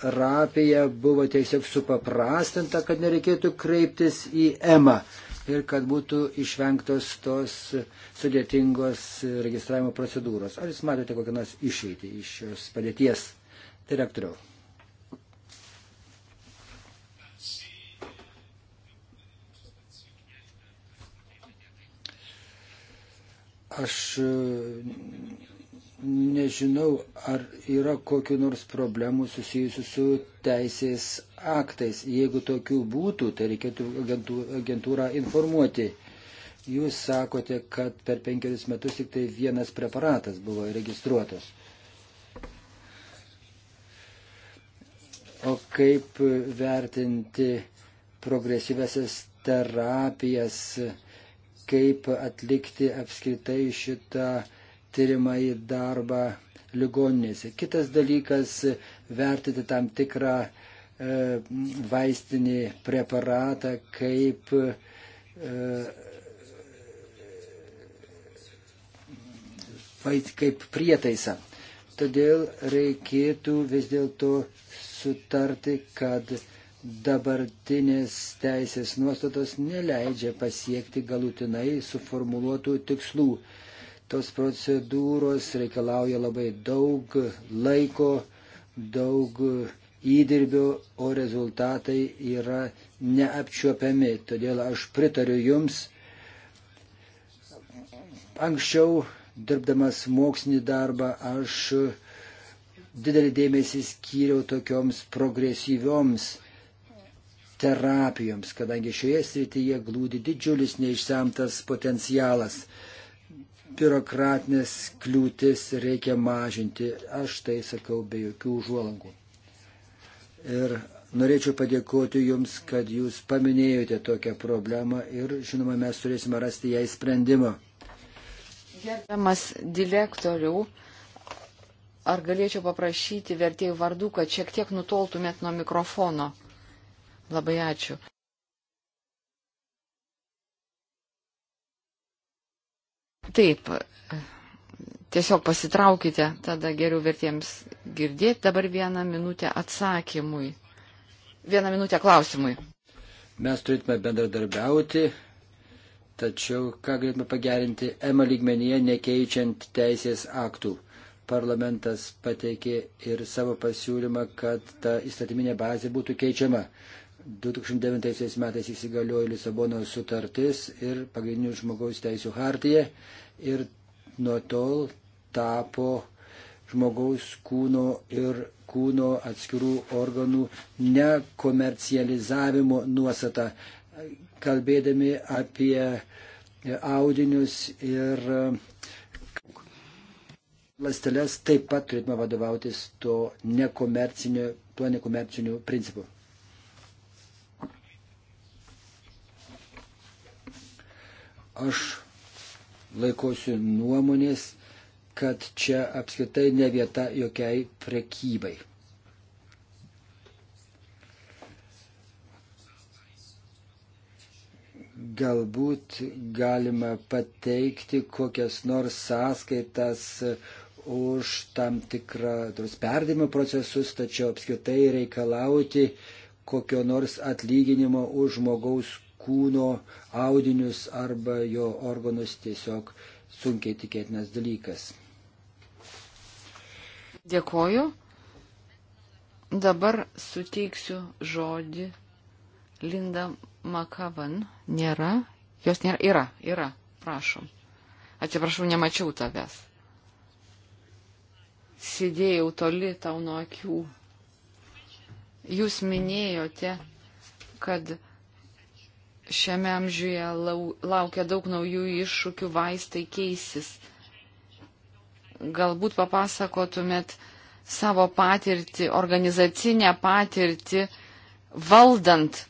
terapija buvo tiesiog supaprastinta, kad nereikėtų kreiptis į EMA ir kad būtų išvengtos tos sudėtingos registravimo procedūros. Ar jūs matote kokią nors išeitį iš šios padėties, direktoriau? Aš nežinau, ar yra kokiu nors problemų susijusių su teisės aktais. Jeigu tokių būtų, tai reikėtų agentūrą informuoti. Jūs sakote, kad per penkerius metus tik tai vienas preparatas buvo registruotas. O kaip vertinti progresyvesias terapijas, kaip atlikti apskritai šitą uh, tyrimai darbą ligoninėse. Kitas dalykas - vertinti tam tikrą e, vaistinį preparatą kaip e, kaip prietaisą. Todėl reikėtų vis dėlto sutarti, kad dabartinės teisės nuostatos neleidžia pasiekti galutinai suformuluotų tikslų. Tos procedūros reikalauja labai daug laiko, daug įdirbio, o rezultatai yra neapčiuopiami. Todėl aš pritariu Jums. Anksčiau, dirbdamas mokslinį darbą, aš didelį dėmesį skyriau tokioms progresyvioms terapijoms, kadangi šioje srityje glūdi didžiulis neišsemtas potencialas biurokratinės kliūtis reikia mažinti. Aš tai sakau be jokių užuolankų. Ir norėčiau padėkoti Jums, kad Jūs paminėjote tokią problemą ir, žinoma, mes turėsime rasti jai sprendimą. Gerbiamas direktoriau, ar galėčiau paprašyti vertėjų vardų, kad šiek tiek nutoltumėt nuo mikrofono? Labai ačiū. Taip, tiesiog pasitraukite, tada geriau vertiems girdėti. Dabar vieną minutę atsakymui. Vieną minutę klausimui. Mes turėtume bendradarbiauti, tačiau ką galėtume pagerinti EMA lygmenyje, nekeičiant teisės aktų. Parlamentas pateikė ir savo pasiūlymą, kad ta įstatyminė bazė būtų keičiama. 2009 metais įsigaliojo Lisabono sutartis ir pagrindinių žmogaus teisų hartija ir nuo tol tapo žmogaus kūno ir kūno atskirų organų nekomercializavimo nuostata. Kalbėdami apie audinius ir lasteles, taip pat turėtume vadovautis to nekomercinio, tuo nekomerciniu principu. Aš laikosi nuomonės, kad čia apskritai ne vieta jokiai prekybai. Galbūt galima pateikti kokias nors sąskaitas už tam tikrą perdimo procesus, tačiau apskritai reikalauti kokio nors atlyginimo už žmogaus kūno audinius arba jo organus tiesiog sunkiai tikėtinas dalykas. Dėkoju. Dabar suteiksiu žodį Linda Makavan. Nėra. Jos nėra. Yra, yra. Prašom. Atsiprašau, nemačiau tavęs. Sėdėjau toli tau nuo akių. Jūs minėjote, kad šiame amžiuje lau, laukia daug naujų iššūkių, vaistai keisis. Galbūt papasakotumėt savo patirtį, organizacinę patirtį, valdant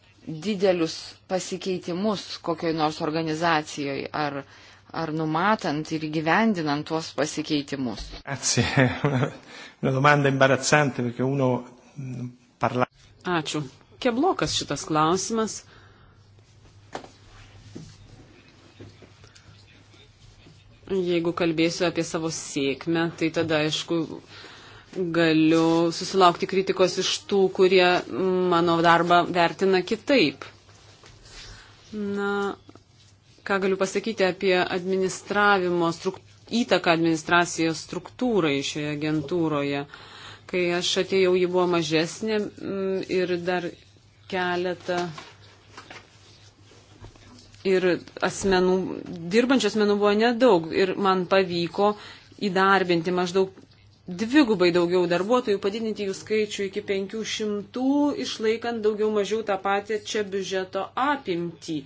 didelius pasikeitimus kokioj nors organizacijoje ar, ar numatant ir gyvendinant tuos pasikeitimus. Mm, Ačiū. Keblokas šitas klausimas Jeigu kalbėsiu apie savo sėkmę, tai tada, aišku, galiu susilaukti kritikos iš tų, kurie mano darbą vertina kitaip. Na, ką galiu pasakyti apie administravimo struktūrą, įtaką administracijos struktūrai šioje agentūroje. Kai aš atėjau, ji buvo mažesnė mm, ir dar keletą ir asmenų, dirbančių asmenų buvo nedaug ir man pavyko įdarbinti maždaug dvigubai daugiau darbuotojų, padidinti jų skaičių iki 500, išlaikant daugiau mažiau tą patį čia biudžeto apimtį.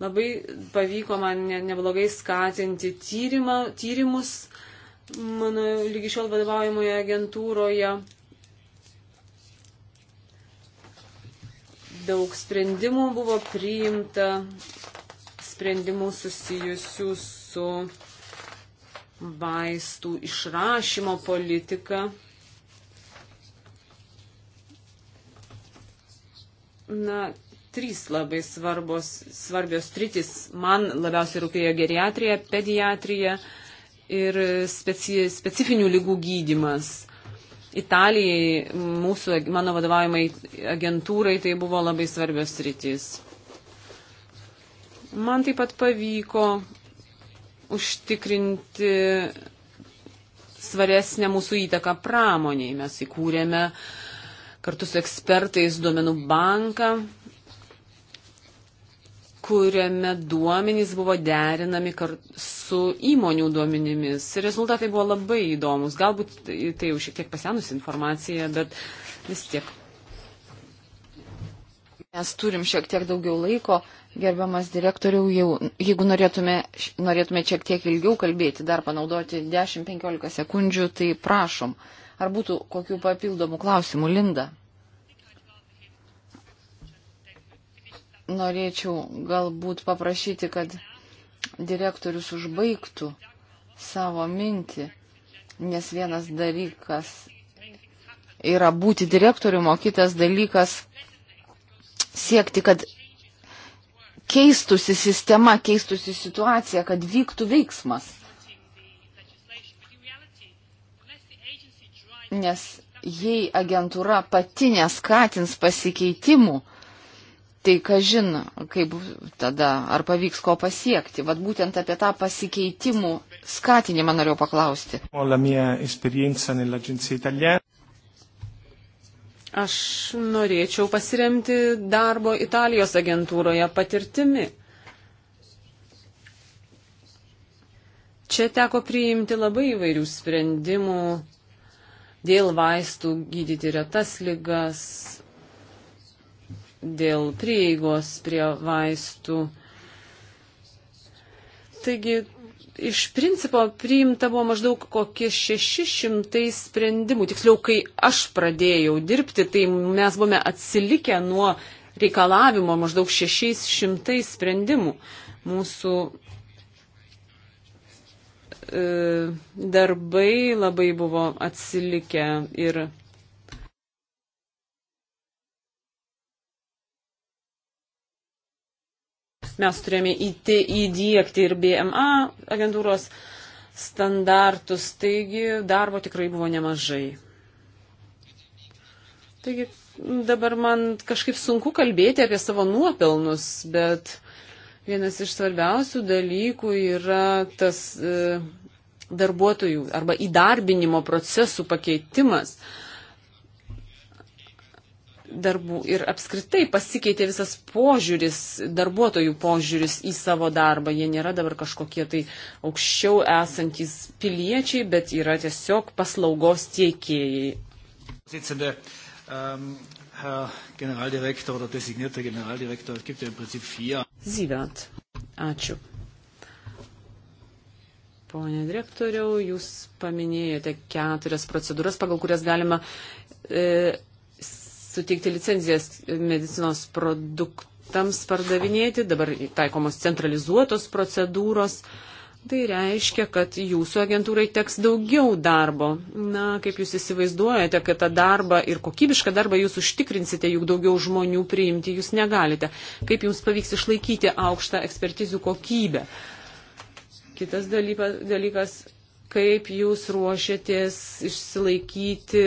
Labai pavyko man ne, neblogai skatinti tyrimą, tyrimus mano lygi šiol vadovaujamoje agentūroje. Daug sprendimų buvo priimta sprendimų susijusių su vaistų išrašymo politika. Na, trys labai svarbos, svarbios tritis. Man labiausiai rūpėjo geriatrija, pediatrija ir speci, specifinių lygų gydimas. Italijai, mūsų, mano vadovaujamai agentūrai, tai buvo labai svarbios rytis. Man taip pat pavyko užtikrinti svaresnę mūsų įtaką pramoniai. Mes įkūrėme kartu su ekspertais duomenų banką, kuriame duomenys buvo derinami su įmonių duomenimis. Rezultatai buvo labai įdomus. Galbūt tai jau šiek tiek pasenusi informacija, bet vis tiek Mes turim šiek tiek daugiau laiko, gerbiamas direktoriau, jau, jeigu norėtume, norėtume šiek tiek ilgiau kalbėti, dar panaudoti 10-15 sekundžių, tai prašom. Ar būtų kokių papildomų klausimų, Linda? Norėčiau galbūt paprašyti, kad direktorius užbaigtų savo mintį, nes vienas dalykas yra būti direktoriumi, o kitas dalykas siekti, kad keistusi sistema, keistusi situacija, kad vyktų veiksmas. Nes jei agentūra pati neskatins pasikeitimų, tai kažin, kaip tada, ar pavyks ko pasiekti. Vat būtent apie tą pasikeitimų skatinimą norėjau paklausti. Aš norėčiau pasiremti darbo Italijos agentūroje patirtimi. Čia teko priimti labai įvairių sprendimų dėl vaistų gydyti retas lygas, dėl prieigos prie vaistų. Taigi iš principo priimta buvo maždaug kokie 600 sprendimų. Tiksliau, kai aš pradėjau dirbti, tai mes buvome atsilikę nuo reikalavimo maždaug 600 sprendimų. Mūsų e, darbai labai buvo atsilikę ir Mes turėjome įdėkti ir BMA agentūros standartus, taigi darbo tikrai buvo nemažai. Taigi dabar man kažkaip sunku kalbėti apie savo nuopelnus, bet vienas iš svarbiausių dalykų yra tas e, darbuotojų arba įdarbinimo procesų pakeitimas. E, darbų ir apskritai pasikeitė visas požiūris, darbuotojų požiūris į savo darbą. Jie nėra dabar kažkokie tai aukščiau esantys piliečiai, bet yra tiesiog paslaugos tiekėjai. Zyvent. Ähm, Ačiū. Pone direktoriau, jūs paminėjote keturias procedūras, pagal kurias galima e, suteikti licenzijas medicinos produktams pardavinėti, dabar taikomos centralizuotos procedūros. Tai reiškia, kad jūsų agentūrai teks daugiau darbo. Na, kaip jūs įsivaizduojate, kad tą darbą ir kokybišką darbą jūs užtikrinsite, juk daugiau žmonių priimti jūs negalite. Kaip jums pavyks išlaikyti aukštą ekspertizių kokybę? Kitas dalykas, dalykas kaip jūs ruošiatės išsilaikyti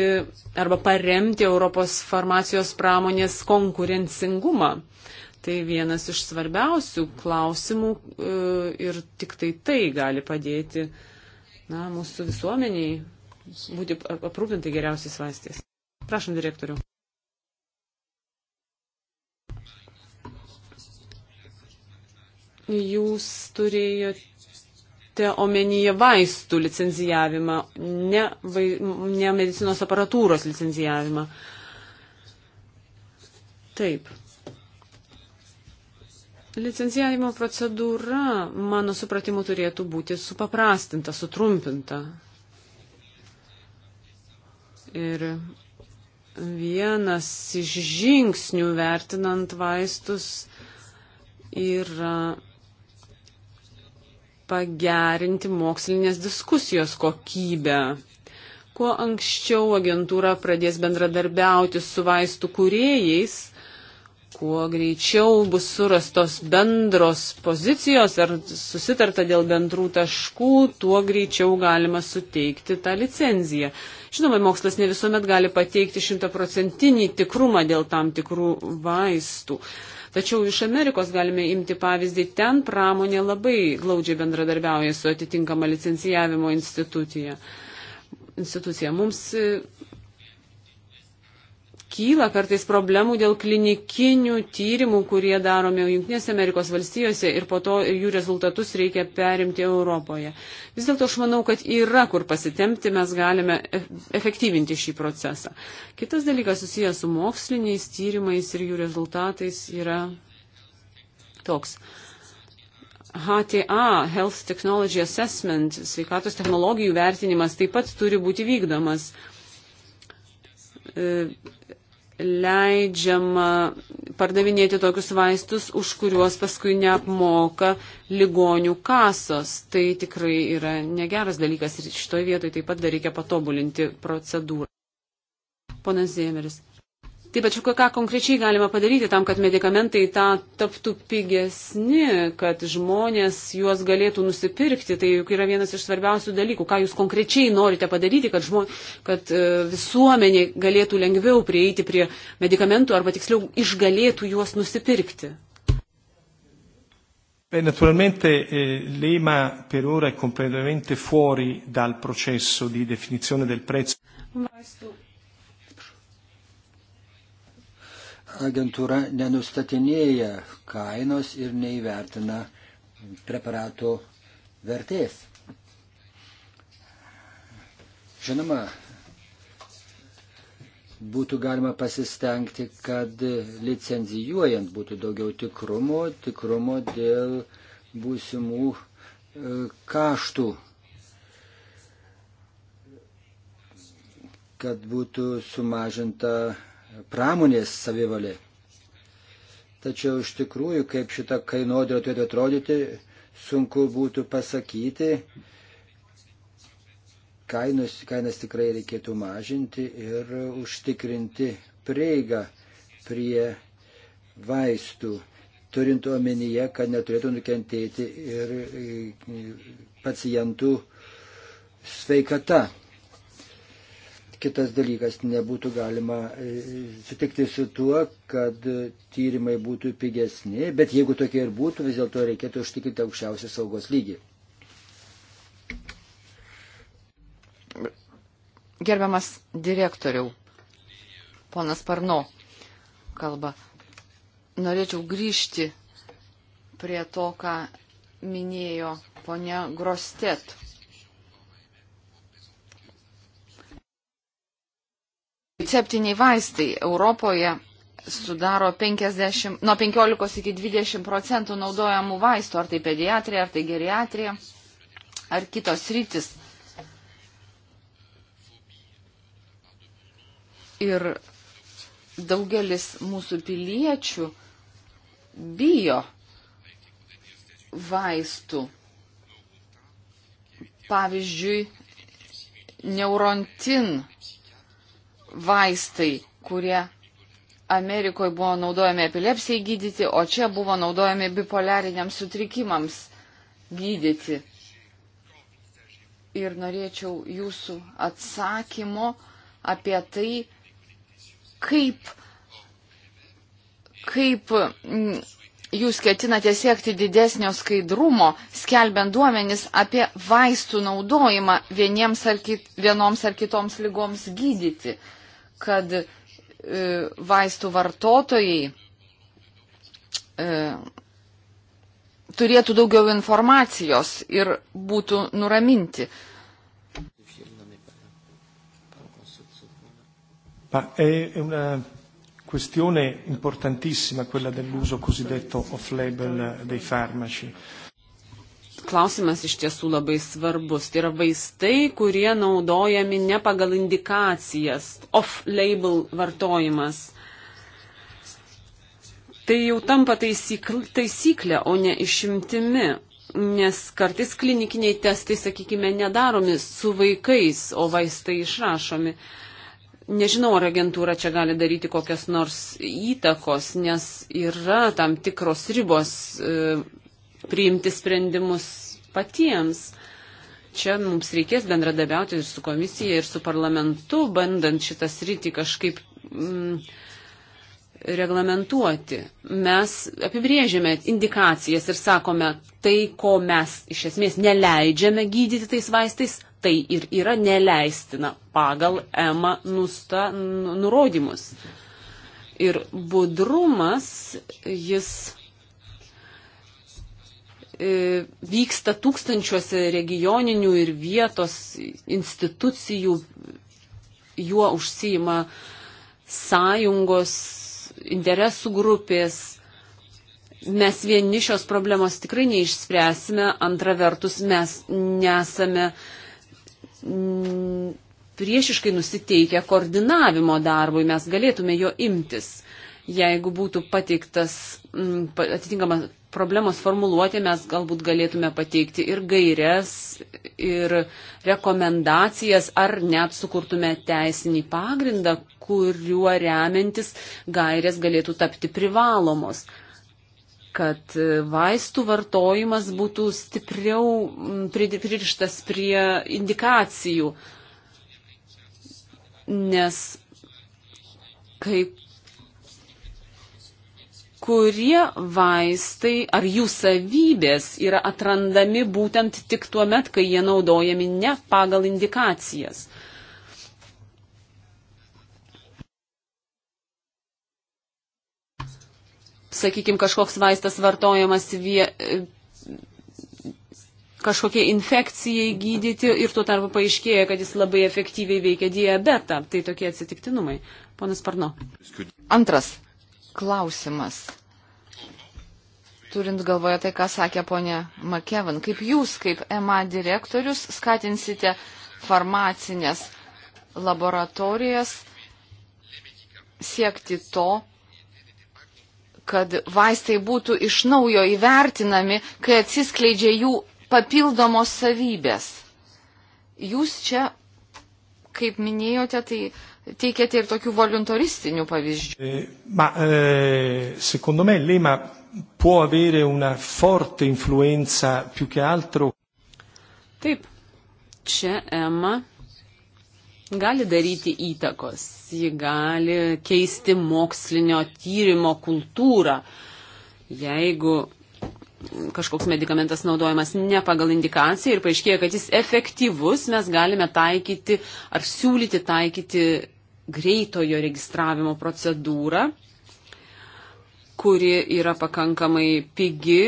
arba paremti Europos farmacijos pramonės konkurencingumą. Tai vienas iš svarbiausių klausimų e, ir tik tai tai gali padėti na, mūsų visuomeniai būti aprūpinti geriausiais vaistais. Prašom, direktoriu. Jūs turėjote turite omenyje vaistų licenzijavimą, ne, vai, ne medicinos aparatūros licenzijavimą. Taip. Licenzijavimo procedūra, mano supratimu, turėtų būti supaprastinta, sutrumpinta. Ir vienas iš žingsnių vertinant vaistus yra pagerinti mokslinės diskusijos kokybę. Kuo anksčiau agentūra pradės bendradarbiauti su vaistų kuriejais, kuo greičiau bus surastos bendros pozicijos ar susitarta dėl bendrų taškų, tuo greičiau galima suteikti tą licenciją. Žinoma, mokslas ne visuomet gali pateikti šimtaprocentinį tikrumą dėl tam tikrų vaistų. Tačiau iš Amerikos galime imti pavyzdį, ten pramonė labai glaudžiai bendradarbiauja su atitinkama licencijavimo institucija. institucija. Mums kyla kartais problemų dėl klinikinių tyrimų, kurie daromi Junktinėse Amerikos valstijose ir po to jų rezultatus reikia perimti Europoje. Vis dėlto aš manau, kad yra kur pasitemti, mes galime e, efektyvinti šį procesą. Kitas dalykas susijęs su moksliniais tyrimais ir jų rezultatais yra toks. HTA, Health Technology Assessment, sveikatos technologijų vertinimas taip pat turi būti vykdomas e, leidžiama pardavinėti tokius vaistus, už kuriuos paskui neapmoka ligonių kasos. Tai tikrai yra negeras dalykas ir šitoje vietoje taip pat dar reikia patobulinti procedūrą. Ponas Zėmeris. Taip, tačiau ką konkrečiai galima padaryti tam, kad medikamentai tą taptų pigesni, kad žmonės juos galėtų nusipirkti, tai juk yra vienas iš svarbiausių dalykų. Ką jūs konkrečiai norite padaryti, kad, žmo, kad e, visuomenė galėtų lengviau prieiti prie medikamentų arba tiksliau išgalėtų juos nusipirkti? Beh, naturalmente eh, l'EMA per ora è completamente fuori dal processo di definizione del prezzo. Vaistų agentūra nenustatinėja kainos ir neįvertina preparato vertės. Žinoma, būtų galima pasistengti, kad licenzijuojant būtų daugiau tikrumo, tikrumo dėl būsimų e, kaštų, kad būtų sumažinta pramonės savivalė. Tačiau iš tikrųjų, kaip šita kainodara turėtų atrodyti, sunku būtų pasakyti. Kainus, kainas tikrai reikėtų mažinti ir užtikrinti prieigą prie vaistų, turint omenyje, kad neturėtų nukentėti ir e, pacientų sveikata. Kitas dalykas, nebūtų galima e, sutikti su tuo, kad tyrimai būtų pigesni, bet jeigu tokie ir būtų, vis dėlto reikėtų užtikrinti aukščiausią saugos lygį. Gerbiamas direktoriau, ponas Parno kalba, norėčiau grįžti prie to, ką minėjo ponia Grostet receptiniai vaistai Europoje sudaro 50, nuo 15 iki 20 procentų naudojamų vaistų, ar tai pediatrija, ar tai geriatrija, ar kitos rytis. Ir daugelis mūsų piliečių bijo vaistų. Pavyzdžiui, neurontin vaistai, kurie Amerikoje buvo naudojami epilepsijai gydyti, o čia buvo naudojami bipolariniams sutrikimams gydyti. Ir norėčiau jūsų atsakymo apie tai, kaip, kaip mm, jūs ketinate siekti didesnio skaidrumo, skelbiant duomenis apie vaistų naudojimą vieniems ar kit, vienoms ar kitoms lygoms gydyti. Uh, kad e, vaistų vartotojai e, turėtų daugiau informacijos ir būtų nuraminti. Ma è una questione importantissima quella dell'uso cosiddetto off-label dei farmaci. Eh, klausimas iš tiesų labai svarbus. Tai yra vaistai, kurie naudojami ne pagal indikacijas, off-label vartojimas. Tai jau tampa taisykl, taisyklė, o ne išimtimi. Nes kartais klinikiniai testai, sakykime, nedaromi su vaikais, o vaistai išrašomi. Nežinau, ar agentūra čia gali daryti kokias nors įtakos, nes yra tam tikros ribos e, priimti sprendimus patiems. Čia mums reikės bendradabiauti ir su komisija, ir su parlamentu, bandant šitą sritį kažkaip mm, reglamentuoti. Mes apibrėžiame indikacijas ir sakome, tai, ko mes iš esmės neleidžiame gydyti tais vaistais, tai ir yra neleistina pagal EMA nusta, nurodymus. Ir budrumas, jis E, vyksta tūkstančiuose regioninių ir vietos institucijų, juo užsijima sąjungos, interesų grupės. Mes vieni šios problemos tikrai neišspręsime, antra vertus mes nesame priešiškai nusiteikę koordinavimo darbui, mes galėtume jo imtis jeigu būtų pateiktas mm, atitinkamas problemos formuluoti, mes galbūt galėtume pateikti ir gairias, ir rekomendacijas, ar net sukurtume teisinį pagrindą, kuriuo remiantis gairias galėtų tapti privalomos kad e, vaistų vartojimas būtų stipriau pririštas prie indikacijų, nes kai kurie vaistai ar jų savybės yra atrandami būtent tik tuo met, kai jie naudojami ne pagal indikacijas. Sakykime, kažkoks vaistas vartojamas vie, kažkokie infekcijai gydyti ir tuo tarpu paaiškėja, kad jis labai efektyviai veikia diabetą. Tai tokie atsitiktinumai. Ponas Parno. Antras klausimas turint galvoje tai, ką sakė ponė Makevan, kaip jūs, kaip EMA direktorius, skatinsite farmacinės laboratorijas siekti to, kad vaistai būtų iš naujo įvertinami, kai atsiskleidžia jų papildomos savybės. Jūs čia, kaip minėjote, tai teikėte ir tokių voluntaristinių pavyzdžių. Eh, ma, eh, secondo me, l'EMA può avere una forte influenza più che altro. Taip, čia EMA gali daryti įtakos, ji gali keisti mokslinio tyrimo kultūrą. Jeigu kažkoks medikamentas naudojamas ne pagal indikaciją ir paaiškėja, kad jis efektyvus, mes galime taikyti ar siūlyti taikyti greitojo registravimo procedūrą, kuri yra pakankamai pigi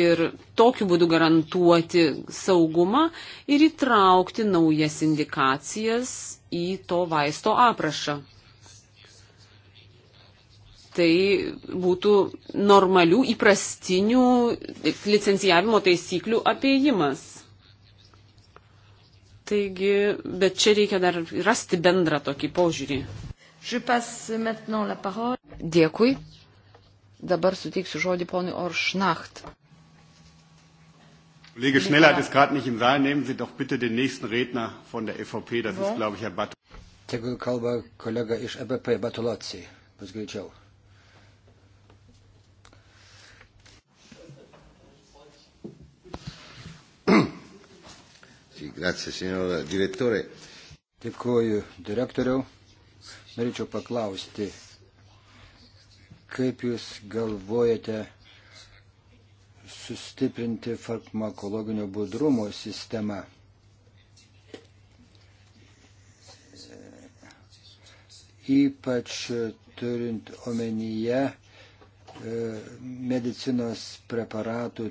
ir tokiu būdu garantuoti saugumą ir įtraukti naujas indikacijas į to vaisto aprašą tai būtų normalių įprastinių licencijavimo taisyklių apėjimas. Taigi, bet čia reikia dar rasti bendrą tokį požiūrį. Dėkui. Dabar suteiksiu žodį ponui Oršnacht. Kollege Schneller hat es gerade nicht im Saal. Nehmen Sie doch bitte den nächsten Redner von der EVP. Das ist, glaube ich, Herr Bat. Tegul kalba kolega iš EBP Batulotsi. Bus greičiau. Grazie, signor direttore. Dėkuoju, direktoriau. Norėčiau paklausti, kaip Jūs galvojate sustiprinti farmakologinio budrumo sistemą? Ypač turint omenyje e, medicinos preparatų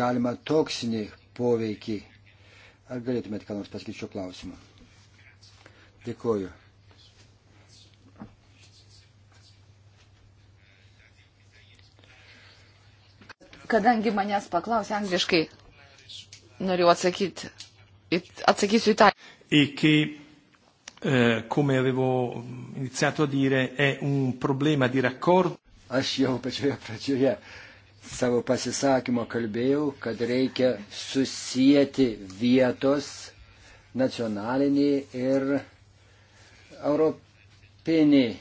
galima toksinį poveikį Ar galėtumėte ką nors pasakyti šiuo klausimu? Dėkuoju. Kadangi manęs paklausė angliškai, norėjau atsakyti. Atsakysiu į tą. Iki, e eh, come avevo iniziato a dire, è un problema di raccordo. Aš jau pačioje pradžioje savo pasisakymą kalbėjau, kad reikia susijęti vietos nacionalinį ir europinį e,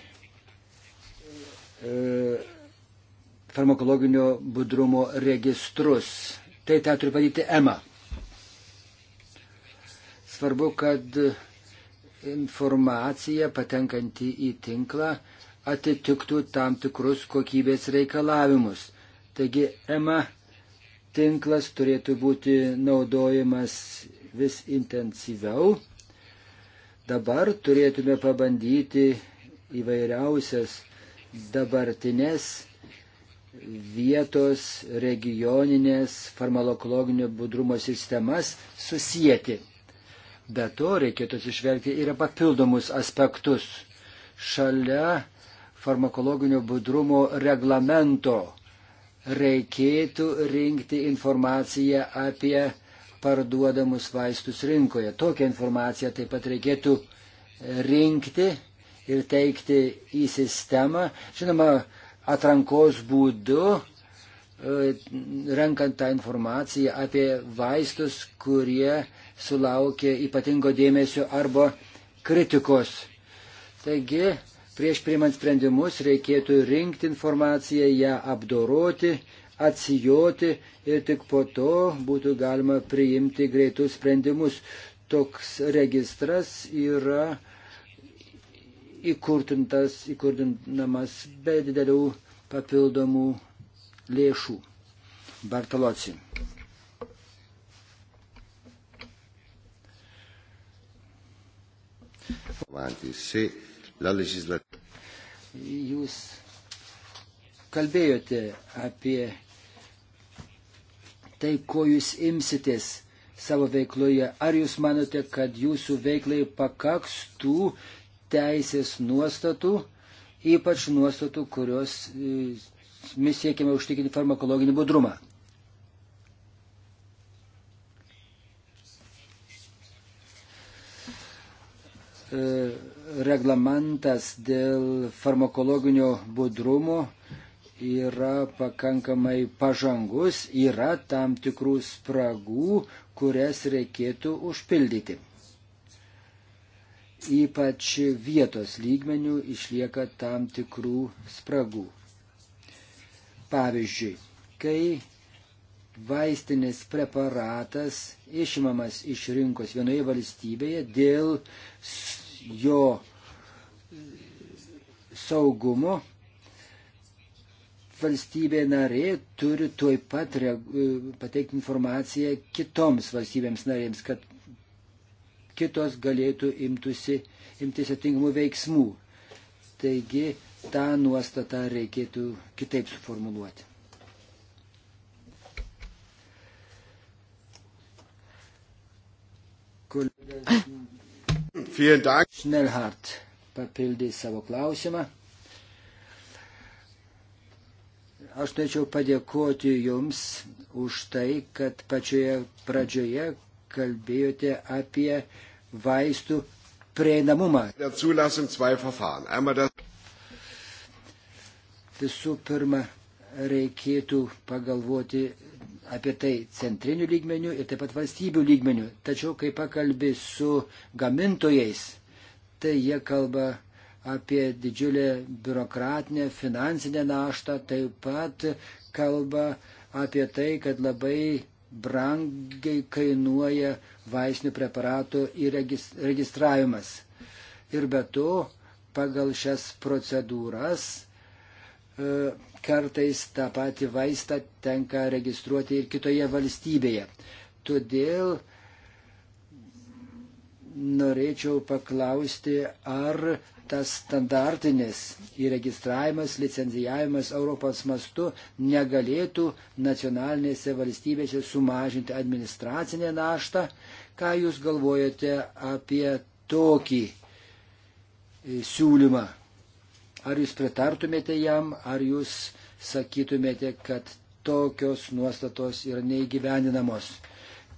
farmakologinio budrumo registrus. Tai tą turi padėti EMA. Svarbu, kad informacija patenkanti į tinklą atitiktų tam tikrus kokybės reikalavimus. Taigi EMA tinklas turėtų būti naudojamas vis intensyviau. Dabar turėtume pabandyti įvairiausias dabartinės vietos regioninės farmakologinio budrumo sistemas susijęti. Be to reikėtų atsižvelgti ir papildomus aspektus. Šalia farmakologinio budrumo reglamento reikėtų rinkti informaciją apie parduodamus vaistus rinkoje. Tokią informaciją taip pat reikėtų rinkti ir teikti į sistemą. Žinoma, atrankos būdu e, renkant tą informaciją apie vaistus, kurie sulaukė ypatingo dėmesio arba kritikos. Taigi Prieš priimant sprendimus reikėtų rinkti informaciją, ją apdoroti, atsijoti ir tik po to būtų galima priimti greitus sprendimus. Toks registras yra įkurtintas, įkurtinamas be didelių papildomų lėšų. Bartoloci. Avanti, se la legislazione jūs kalbėjote apie tai, ko jūs imsitės savo veikloje. Ar jūs manote, kad jūsų veiklai pakaks tų teisės nuostatų, ypač nuostatų, kurios e, mes siekiame užtikrinti farmakologinį budrumą? E, reglamentas dėl farmakologinio budrumo yra pakankamai pažangus, yra tam tikrų spragų, kurias reikėtų užpildyti. Ypač vietos lygmenių išlieka tam tikrų spragų. Pavyzdžiui, kai vaistinis preparatas išimamas iš rinkos vienoje valstybėje dėl jo saugumo, valstybė narė turi tuoj pat pateikti informaciją kitoms valstybėms narėms, kad kitos galėtų imtusi, imtis atinkamų veiksmų. Taigi tą nuostatą reikėtų kitaip suformuluoti. Kolegas Schnellhardt papildys savo klausimą. Aš norėčiau padėkoti Jums už tai, kad pačioje pradžioje kalbėjote apie vaistų prieinamumą. Visų pirma, reikėtų pagalvoti apie tai centrinių lygmenių ir taip pat valstybių lygmenių. Tačiau, kai pakalbi su gamintojais, tai jie kalba apie didžiulę biurokratinę, finansinę naštą, taip pat kalba apie tai, kad labai brangiai kainuoja vaistinių preparatų įregistravimas. Ir be to, pagal šias procedūras E, kartais tą patį vaistą tenka registruoti ir kitoje valstybėje. Todėl norėčiau paklausti, ar tas standartinis įregistravimas, licencijavimas Europos mastu negalėtų nacionalinėse valstybėse sumažinti administracinę naštą. Ką Jūs galvojate apie tokį e, siūlymą? Ar jūs pritartumėte jam, ar jūs sakytumėte, kad tokios nuostatos yra neįgyveninamos.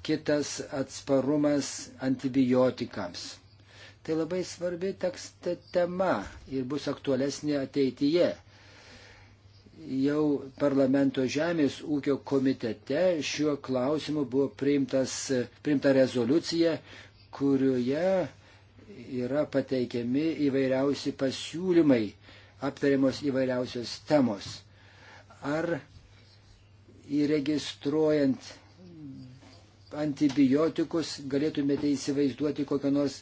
Kitas atsparumas antibiotikams. Tai labai svarbi tekstą tema ir bus aktualesnė ateityje. Jau parlamento žemės ūkio komitete šiuo klausimu buvo priimtas, priimta rezoliucija, kurioje yra pateikiami įvairiausi pasiūlymai aptariamos įvairiausios temos. Ar įregistruojant antibiotikus galėtumėte įsivaizduoti kokią nors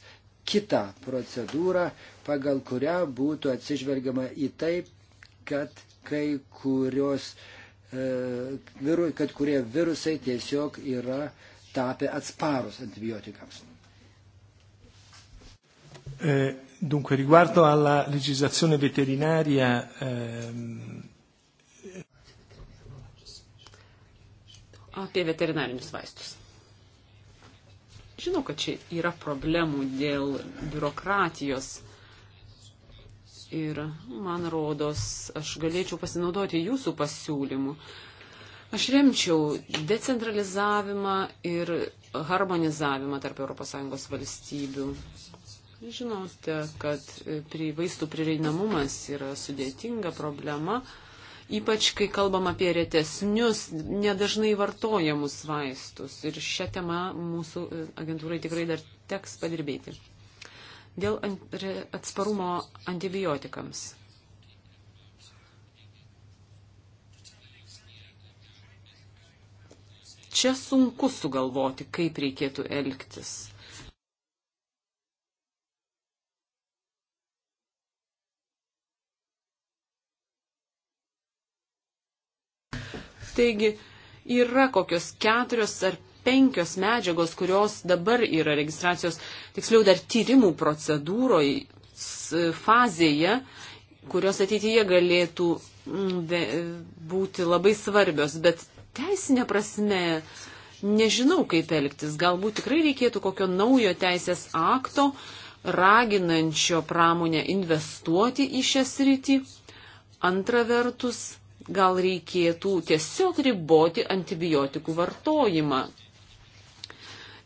kitą procedūrą, pagal kurią būtų atsižvelgiama į tai, kad kai kurios, e, kad kurie virusai tiesiog yra tapę atsparus antibiotikams. E, Dunque, riguardo alla legislazione veterinaria. Ehm... Apie veterinarinius vaistus. Žinau, kad čia yra problemų dėl biurokratijos. Ir man rodos, aš galėčiau pasinaudoti jūsų pasiūlymu. Aš remčiau decentralizavimą ir harmonizavimą tarp ES valstybių Žinote, kad prie vaistų prireinamumas yra sudėtinga problema, ypač kai kalbam apie retesnius, nedažnai vartojamus vaistus. Ir šią temą mūsų e, agentūrai tikrai dar teks padirbėti. Dėl atsparumo antibiotikams. Čia sunku sugalvoti, kaip reikėtų elgtis Taigi yra kokios keturios ar penkios medžiagos, kurios dabar yra registracijos, tiksliau dar tyrimų procedūroje fazėje, kurios ateityje galėtų mm, būti labai svarbios, bet teisinė prasme nežinau, kaip elgtis. Galbūt tikrai reikėtų kokio naujo teisės akto, raginančio pramonę investuoti į šią sritį. Antra vertus, gal reikėtų tiesiog riboti antibiotikų vartojimą.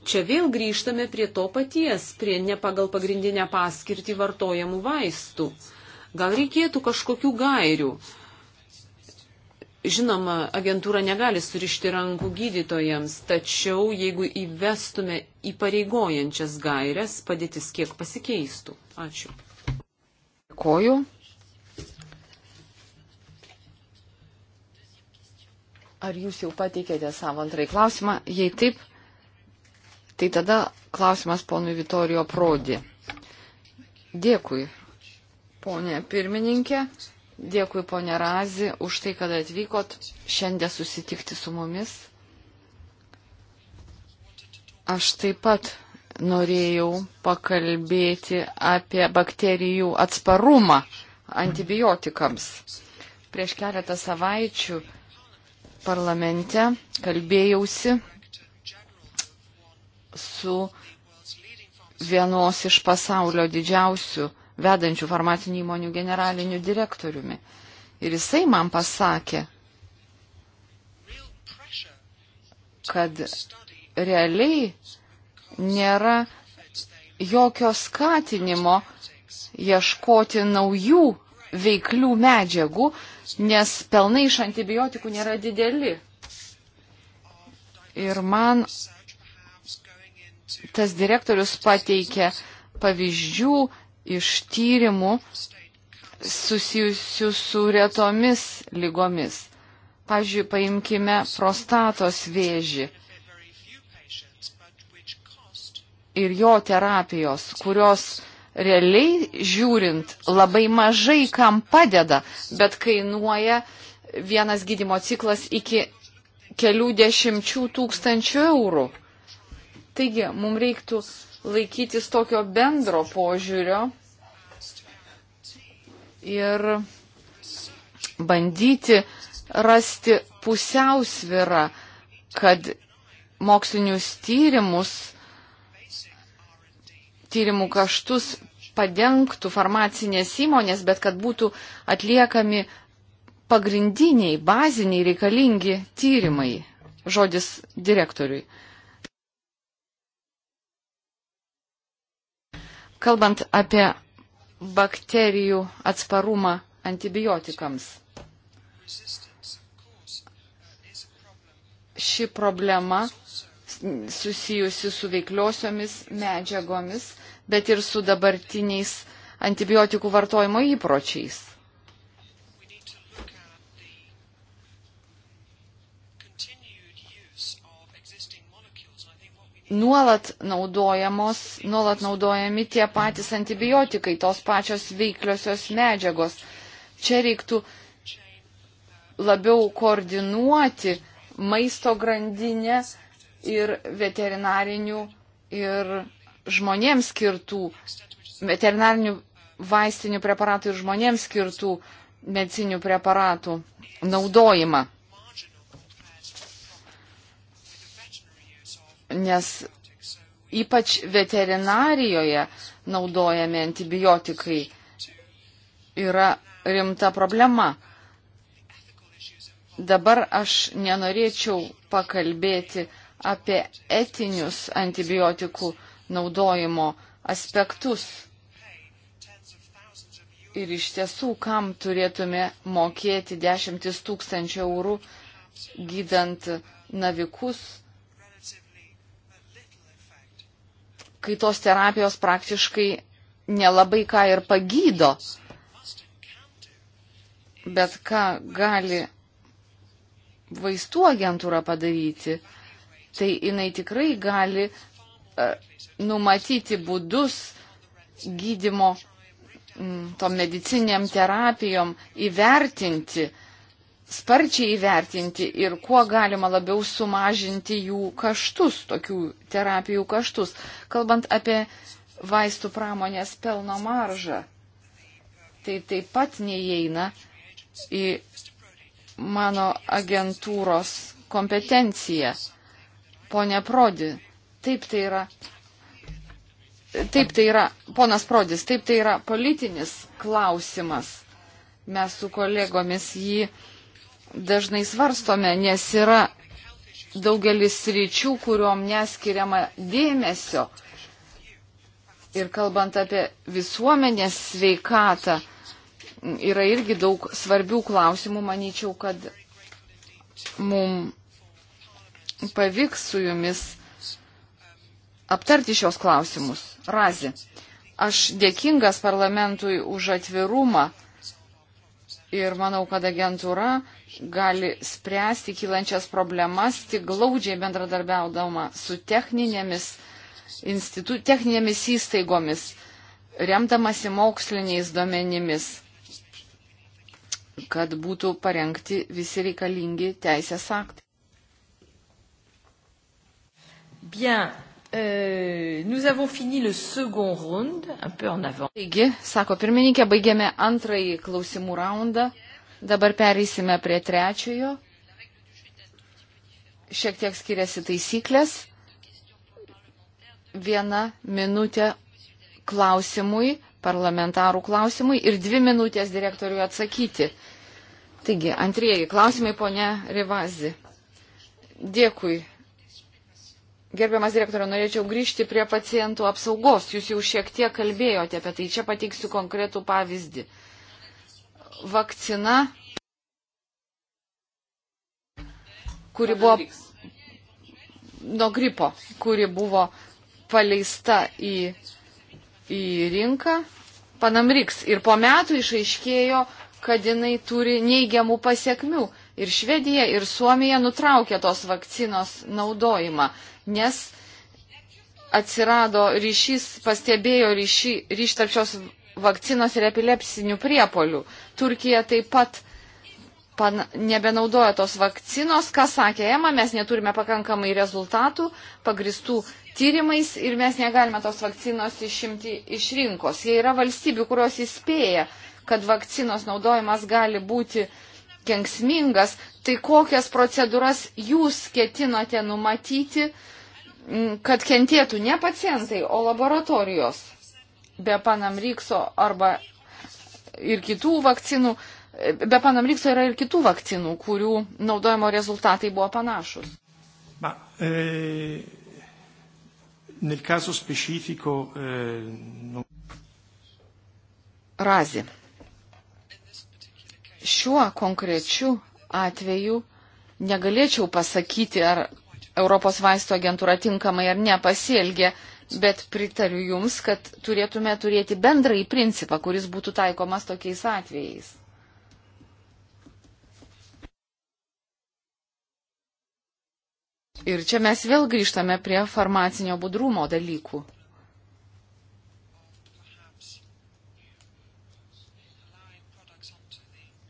Čia vėl grįžtame prie to paties, prie ne pagal pagrindinę paskirtį vartojamų vaistų. Gal reikėtų kažkokių gairių. Žinoma, agentūra negali surišti rankų gydytojams, tačiau jeigu įvestume įpareigojančias gairias, padėtis kiek pasikeistų. Ačiū. Dėkoju. Ar jūs jau pateikėte savo antrąjį klausimą? Jei taip, tai tada klausimas ponui Vitorijo Prodi. Dėkui, ponė pirmininkė. Dėkui, ponė Razi, už tai, kad atvykot šiandien susitikti su mumis. Aš taip pat norėjau pakalbėti apie bakterijų atsparumą antibiotikams. Prieš keletą savaičių parlamente kalbėjausi su vienos iš pasaulio didžiausių vedančių farmacinių įmonių generaliniu direktoriumi. Ir jisai man pasakė, kad realiai nėra jokio skatinimo ieškoti naujų veiklių medžiagų, nes pelnai iš antibiotikų nėra dideli. Ir man tas direktorius pateikė pavyzdžių iš tyrimų susijusių su retomis lygomis. Pavyzdžiui, paimkime prostatos vėžį ir jo terapijos, kurios realiai žiūrint labai mažai kam padeda, bet kainuoja vienas gydimo ciklas iki kelių dešimčių tūkstančių eurų. Taigi, mums reiktų laikytis tokio bendro požiūrio ir bandyti rasti pusiausvirą, kad mokslinius tyrimus, tyrimų kaštus padengtų farmacinės įmonės, bet kad būtų atliekami pagrindiniai, baziniai reikalingi tyrimai. Žodis direktoriui. Kalbant apie bakterijų atsparumą antibiotikams. Ši problema susijusi su veikliosiomis medžiagomis bet ir su dabartiniais antibiotikų vartojimo įpročiais. Nuolat, nuolat naudojami tie patys antibiotikai, tos pačios veikliosios medžiagos. Čia reiktų labiau koordinuoti maisto grandinę ir veterinarinių ir žmonėms skirtų veterinarinių vaistinių preparatų ir žmonėms skirtų medicinių preparatų naudojimą. Nes ypač veterinarijoje naudojami antibiotikai yra rimta problema. Dabar aš nenorėčiau pakalbėti apie etinius antibiotikų naudojimo aspektus. Ir iš tiesų, kam turėtume mokėti dešimtis tūkstančių eurų gydant navikus, kai tos terapijos praktiškai nelabai ką ir pagydo. Bet ką gali vaistų agentūra padaryti, tai jinai tikrai gali E, numatyti būdus gydimo tom mediciniam terapijom įvertinti, sparčiai įvertinti ir kuo galima labiau sumažinti jų kaštus, tokių terapijų kaštus. Kalbant apie vaistų pramonės pelno maržą, tai taip pat neįeina į mano agentūros kompetenciją. Pone Prodi, Taip tai yra. Taip tai yra, ponas Prodis, taip tai yra politinis klausimas. Mes su kolegomis jį dažnai svarstome, nes yra daugelis ryčių, kuriuom neskiriama dėmesio. Ir kalbant apie visuomenės sveikatą, yra irgi daug svarbių klausimų, manyčiau, kad mums pavyks su jumis aptarti šios klausimus. Razi, aš dėkingas parlamentui už atvirumą ir manau, kad agentūra gali spręsti kylančias problemas tik glaudžiai bendradarbiaudama su techninėmis, institu, techninėmis įstaigomis, remdamasi moksliniais duomenimis kad būtų parengti visi reikalingi teisės aktai. Bien, Euh, Taigi, sako pirmininkė, baigėme antrąjį klausimų raundą. Dabar pereisime prie trečiojo. Šiek tiek skiriasi taisyklės. Viena minutė klausimui, parlamentarų klausimui ir dvi minutės direktoriui atsakyti. Taigi, antrieji klausimai, ponia Rivazi. Dėkui, Gerbiamas direktorė, norėčiau grįžti prie pacientų apsaugos. Jūs jau šiek tiek kalbėjote apie tai. Čia pateiksiu konkretų pavyzdį. Vakcina, kuri buvo nuo gripo, kuri buvo paleista į, į rinką, Panamriks. Ir po metų išaiškėjo, kad jinai turi neigiamų pasiekmių. Ir Švedija, ir Suomija nutraukė tos vakcinos naudojimą nes atsirado ryšys, pastebėjo ryšį, ryšį tarp šios vakcinos ir epilepsinių priepolių. Turkija taip pat pan, nebenaudoja tos vakcinos, ką sakė Ema, mes neturime pakankamai rezultatų pagristų tyrimais ir mes negalime tos vakcinos išimti iš rinkos. Jie yra valstybių, kurios įspėja, kad vakcinos naudojimas gali būti kenksmingas, tai kokias procedūras jūs ketinote numatyti, uh, kad kentėtų ne pacientai, o laboratorijos. Be Panamrikso arba ir kitų vakcinų, be Panamrikso yra ir kitų vakcinų, kurių naudojimo rezultatai buvo panašus. Ma, e, nel caso specifico, e, non... Razi. Šiuo konkrečiu atveju negalėčiau pasakyti, ar Europos vaisto agentūra tinkamai ar ne pasielgė, bet pritariu Jums, kad turėtume turėti bendrąjį principą, kuris būtų taikomas tokiais atvejais. Ir čia mes vėl grįžtame prie farmacinio budrumo dalykų.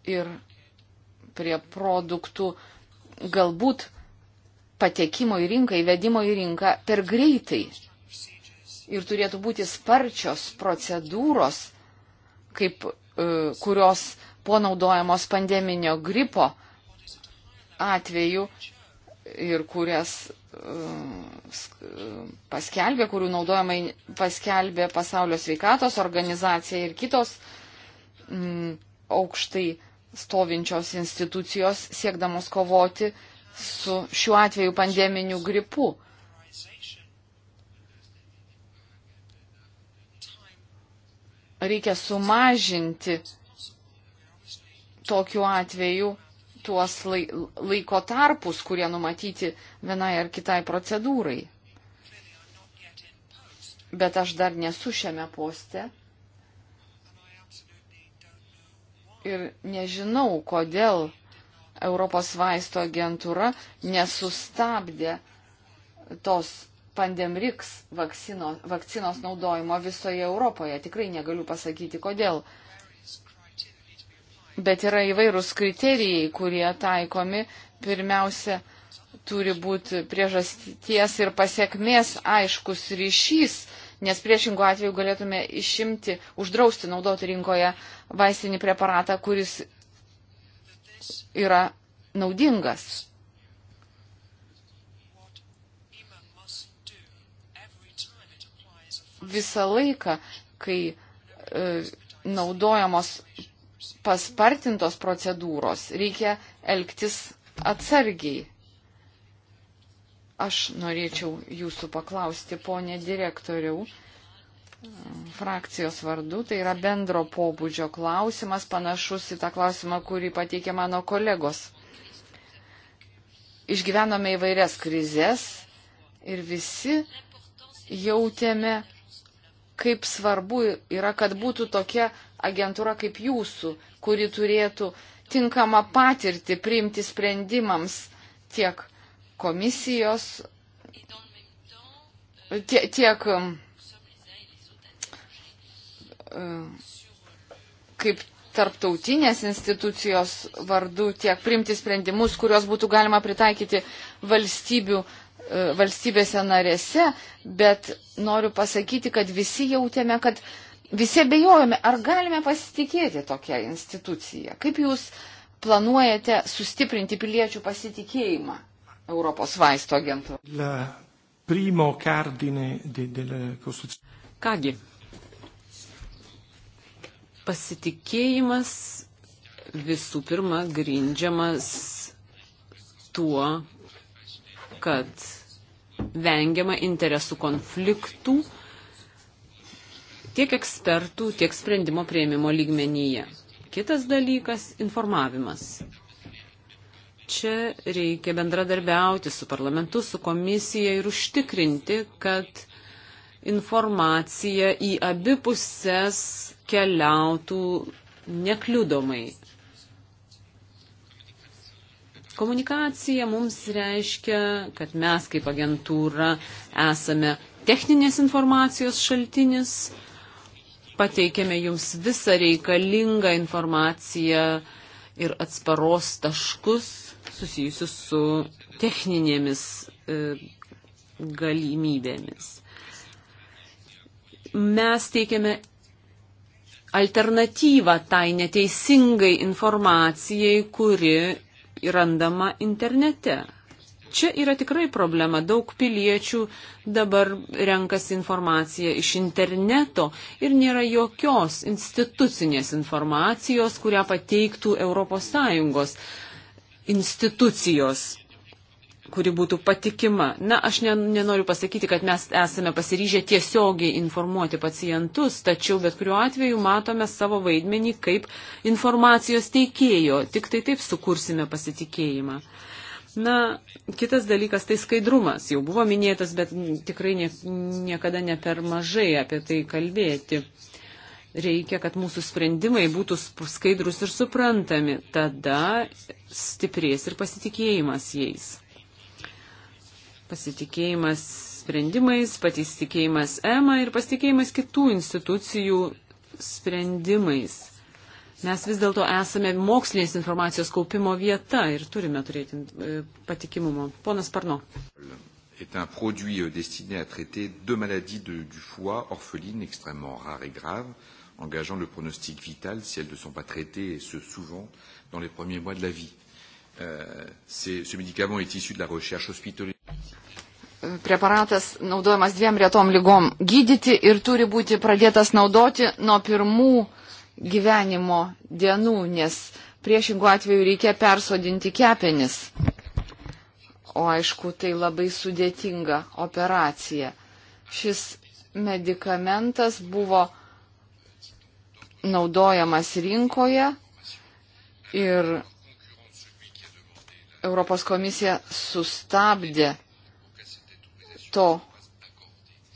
Ir prie produktų galbūt patekimo į rinką, įvedimo į rinką per greitai. Ir turėtų būti sparčios procedūros, kaip, e, kurios po naudojamos pandeminio gripo atveju ir kurias e, e, paskelbė, kurių naudojamai paskelbė pasaulio sveikatos organizacija ir kitos m, mm, aukštai stovinčios institucijos siekdamos kovoti su šiuo atveju pandeminiu gripu. Reikia sumažinti tokiu atveju tuos laiko tarpus, kurie numatyti vienai ar kitai procedūrai. Bet aš dar nesu šiame poste. Ir nežinau, kodėl Europos vaisto agentūra nesustabdė tos pandemriks vakcino, vakcinos naudojimo visoje Europoje. Tikrai negaliu pasakyti, kodėl. Bet yra įvairūs kriterijai, kurie taikomi. Pirmiausia, turi būti priežasties ir pasiekmės aiškus ryšys, nes priešingų atveju galėtume išimti, uždrausti naudoti rinkoje vaistinį preparatą, kuris yra naudingas. Visą laiką, kai e, naudojamos paspartintos procedūros, reikia elgtis atsargiai. Aš norėčiau jūsų paklausti, ponė direktoriau, frakcijos vardu. Tai yra bendro pobūdžio klausimas, panašus į tą klausimą, kurį pateikė mano kolegos. Išgyvenome įvairias krizės ir visi jautėme, kaip svarbu yra, kad būtų tokia agentūra kaip jūsų, kuri turėtų tinkamą patirtį priimti sprendimams tiek komisijos, tiek. tiek um, E, kaip tarptautinės institucijos vardu tiek primti sprendimus, kuriuos būtų galima pritaikyti valstybių, e, valstybėse narėse, bet noriu pasakyti, kad visi jautėme, kad visi abejojame, ar galime pasitikėti tokią instituciją. Kaip jūs planuojate sustiprinti piliečių pasitikėjimą Europos vaisto agentūrą? Kągi, Pasitikėjimas visų pirma grindžiamas tuo, kad vengiama interesų konfliktų tiek ekspertų, tiek sprendimo prieimimo lygmenyje. Kitas dalykas - informavimas. Čia reikia bendradarbiauti su parlamentu, su komisija ir užtikrinti, kad informacija į abi pusės keliautų nekliudomai. Komunikacija mums reiškia, kad mes kaip agentūra esame techninės informacijos šaltinis, pateikėme jums visą reikalingą informaciją ir atsparos taškus susijusius su techninėmis e, galimybėmis mes teikiame alternatyvą tai neteisingai informacijai, kuri randama internete. Čia yra tikrai problema. Daug piliečių dabar renkasi informaciją iš interneto ir nėra jokios institucinės informacijos, kurią pateiktų ES institucijos kuri būtų patikima. Na, aš nenoriu pasakyti, kad mes esame pasiryžę tiesiogiai informuoti pacientus, tačiau bet kuriuo atveju matome savo vaidmenį kaip informacijos teikėjo. Tik tai taip sukursime pasitikėjimą. Na, kitas dalykas tai skaidrumas. Jau buvo minėtas, bet tikrai nie, niekada ne per mažai apie tai kalbėti. Reikia, kad mūsų sprendimai būtų skaidrus ir suprantami. Tada stiprės ir pasitikėjimas jais pasitikėjimas sprendimais, pasitikėjimas EMA ir pasitikėjimas kitų institucijų sprendimais. Mes vis dėlto esame mokslinės informacijos kaupimo vieta ir turime turėti e, patikimumo. Ponas Parno. est un produit euh, destiné à traiter deux maladies de, du foie orphelines extrêmement rares et graves, engageant le pronostic vital si elles ne sont pas traitées, et ce souvent dans les premiers mois de la vie. Euh, ce médicament est issu de la recherche hospitalière. Preparatas naudojamas dviem retom lygom gydyti ir turi būti pradėtas naudoti nuo pirmų gyvenimo dienų, nes priešingų atveju reikia persodinti kepenis. O aišku, tai labai sudėtinga operacija. Šis medikamentas buvo naudojamas rinkoje ir Europos komisija sustabdė to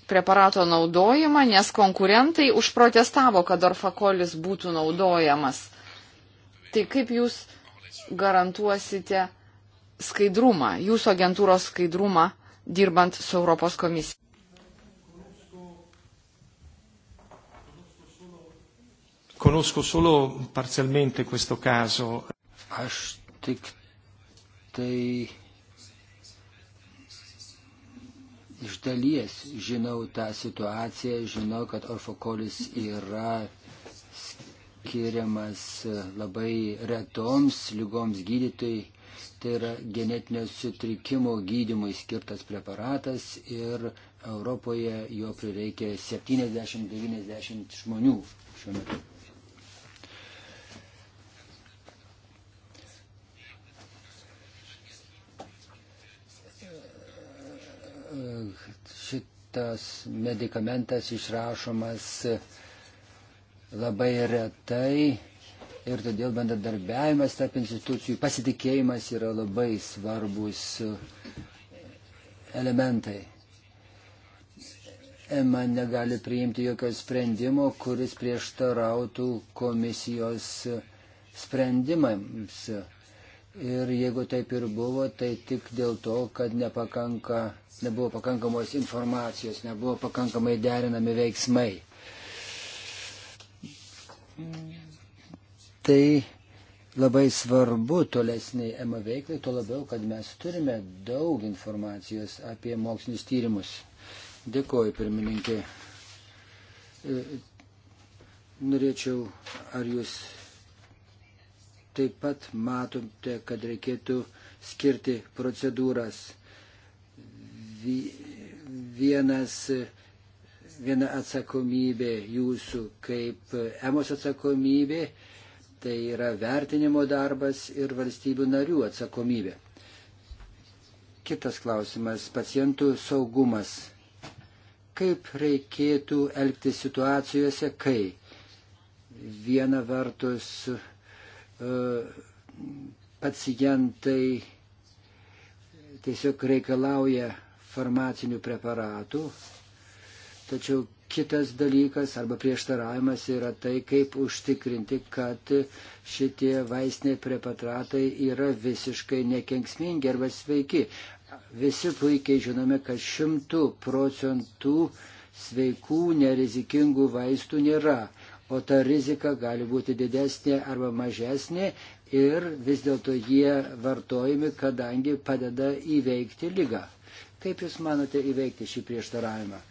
preparato naudojimą, nes konkurentai užprotestavo, kad orfakolis būtų naudojamas. Tai kaip jūs garantuosite skaidrumą, jūsų agentūros skaidrumą, dirbant su Europos komisija? Conosco solo parzialmente questo caso. Aš tik tai iš dalies žinau tą situaciją, žinau, kad orfokolis yra skiriamas labai retoms lygoms gydytojai. Tai yra genetinio sutrikimo gydymui skirtas preparatas ir Europoje jo prireikia 70-90 žmonių šiuo metu. šitas medikamentas išrašomas labai retai ir todėl bendradarbiavimas tarp institucijų, pasitikėjimas yra labai svarbus elementai. EMA negali priimti jokio sprendimo, kuris prieštarautų komisijos sprendimams. Ir jeigu taip ir buvo, tai tik dėl to, kad nepakanka, nebuvo pakankamos informacijos, nebuvo pakankamai derinami veiksmai. Tai labai svarbu tolesniai EMA veiklai, to labiau, kad mes turime daug informacijos apie mokslinius tyrimus. Dėkuoju, pirmininkė. E, norėčiau, ar jūs Taip pat matomte, kad reikėtų skirti procedūras. Vienas, viena atsakomybė jūsų kaip emos atsakomybė, tai yra vertinimo darbas ir valstybių narių atsakomybė. Kitas klausimas - pacientų saugumas kaip reikėtų elgtis situacijose, kai viena vertus pacientai tiesiog reikalauja farmacinių preparatų, tačiau kitas dalykas arba prieštaravimas yra tai, kaip užtikrinti, kad šitie vaistiniai preparatai yra visiškai nekenksmingi arba sveiki. Visi puikiai žinome, kad šimtų procentų sveikų nerizikingų vaistų nėra o ta rizika gali būti didesnė arba mažesnė ir vis dėlto jie vartojami, kadangi padeda įveikti lygą. Kaip Jūs manote įveikti šį prieštaravimą?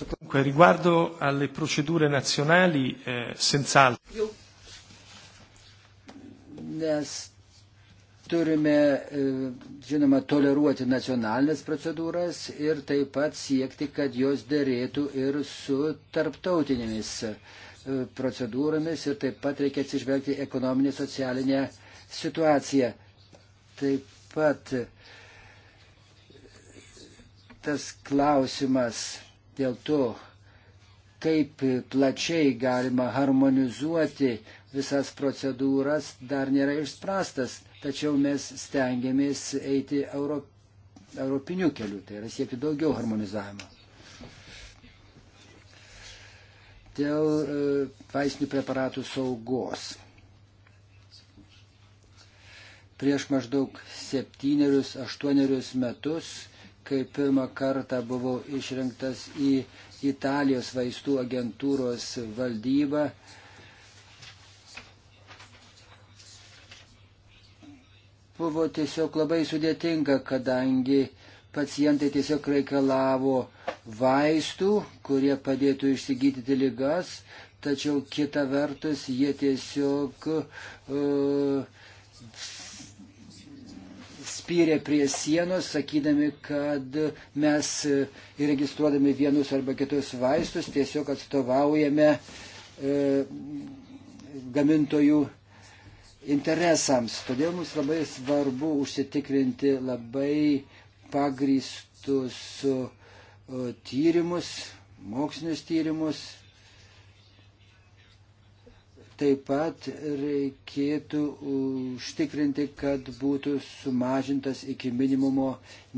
Dunque, riguardo alle procedure nazionali, eh, senz'altro. Nes turime, eh, žinoma, toleruoti nacionalinės procedūras ir taip pat siekti, kad jos dėrėtų ir su tarptautinėmis E, procedūromis ir taip pat reikia atsižvelgti ekonominį socialinę situaciją. Taip pat e, tas klausimas dėl to, kaip plačiai galima harmonizuoti visas procedūras, dar nėra išspręstas, tačiau mes stengiamės eiti euro, europiniu keliu, tai yra siekti daugiau harmonizavimo. dėl e, vaistinių preparatų saugos. Prieš maždaug septynerius, aštuonerius metus, kai pirmą kartą buvau išrinktas į Italijos vaistų agentūros valdybą, buvo tiesiog labai sudėtinga, kadangi pacientai tiesiog reikalavo vaistų, kurie padėtų išsigydyti lygas, tačiau kita vertus jie tiesiog uh, spyrė prie sienos, sakydami, kad mes e, įregistruodami vienus arba kitus vaistus tiesiog atstovaujame uh, gamintojų interesams. Todėl mums labai svarbu užsitikrinti labai pagristus tyrimus, mokslinius tyrimus. Taip pat reikėtų užtikrinti, kad būtų sumažintas iki minimumo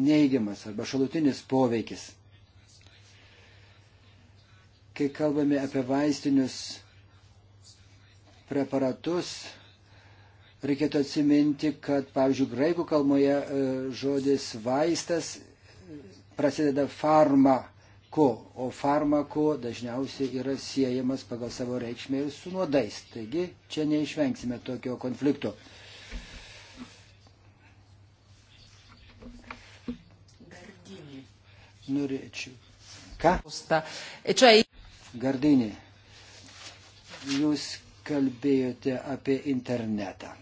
neigiamas arba šalutinis poveikis. Kai kalbame apie vaistinius preparatus, Reikėtų atsiminti, kad, pavyzdžiui, graikų kalboje e, žodis vaistas e, prasideda farmako, o farmako dažniausiai yra siejamas pagal savo reikšmę ir su nuodais. Taigi čia neišvengsime tokio konflikto. Gardinį. Norėčiau. Ką? E, Gardinį. Jūs kalbėjote apie internetą.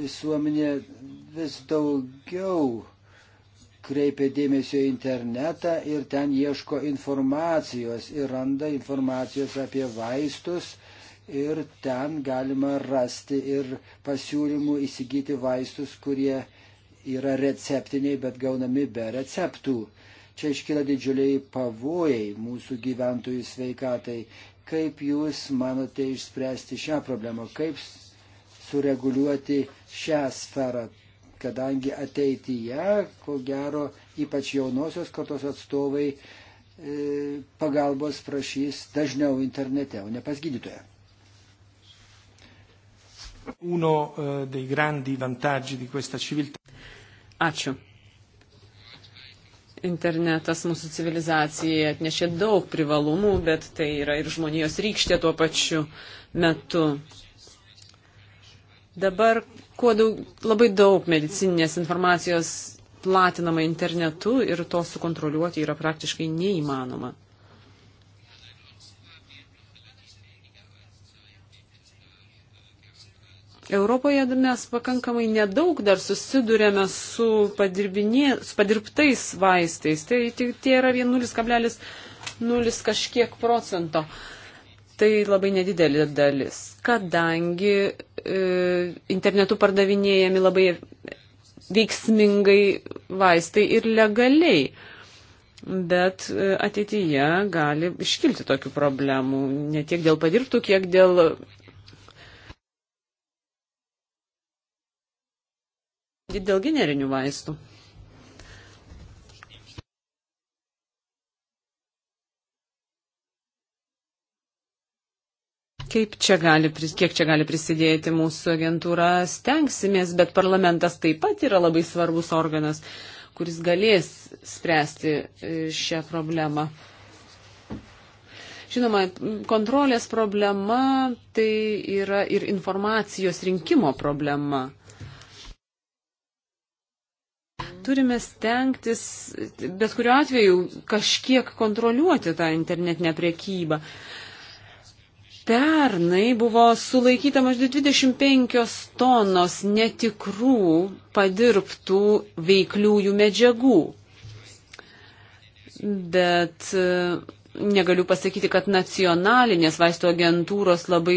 visuomenė vis daugiau kreipia dėmesio į internetą ir ten ieško informacijos ir randa informacijos apie vaistus ir ten galima rasti ir pasiūlymų įsigyti vaistus, kurie yra receptiniai, bet gaunami be receptų. Čia iškyla didžiuliai pavojai mūsų gyventojų sveikatai. Kaip jūs manote išspręsti šią problemą? Kaip sureguliuoti šią sferą, kadangi ateityje, ko gero, ypač jaunosios kartos atstovai e, pagalbos prašys dažniau internete, o ne pas gydytoją. Uno e, dei grandi vantaggi di questa civiltà. Ačiū. Internetas mūsų civilizacijai atnešė daug privalumų, bet tai yra ir žmonijos rykštė tuo pačiu metu. Dabar kuo daug, labai daug medicininės informacijos platinama internetu ir to sukontroliuoti yra praktiškai neįmanoma. Europoje mes pakankamai nedaug dar susidurėme su, su padirbtais vaistais. Tai, tai, tai yra 1,0 kažkiek procento tai labai nedidelė dalis, kadangi e, internetu pardavinėjami labai veiksmingai vaistai ir legaliai. Bet e, ateityje gali iškilti tokių problemų, ne tiek dėl padirbtų, kiek dėl dėl generinių vaistų. Kaip čia gali, kiek čia gali prisidėti mūsų agentūra, stengsimės, bet parlamentas taip pat yra labai svarbus organas, kuris galės spręsti e, šią problemą. Žinoma, kontrolės problema tai yra ir informacijos rinkimo problema. Turime stengtis, bet kuriuo atveju, kažkiek kontroliuoti tą internetinę priekybą. Pernai buvo sulaikyta maždaug 25 tonos netikrų padirbtų veikliųjų medžiagų. Bet e, negaliu pasakyti, kad nacionalinės vaisto agentūros labai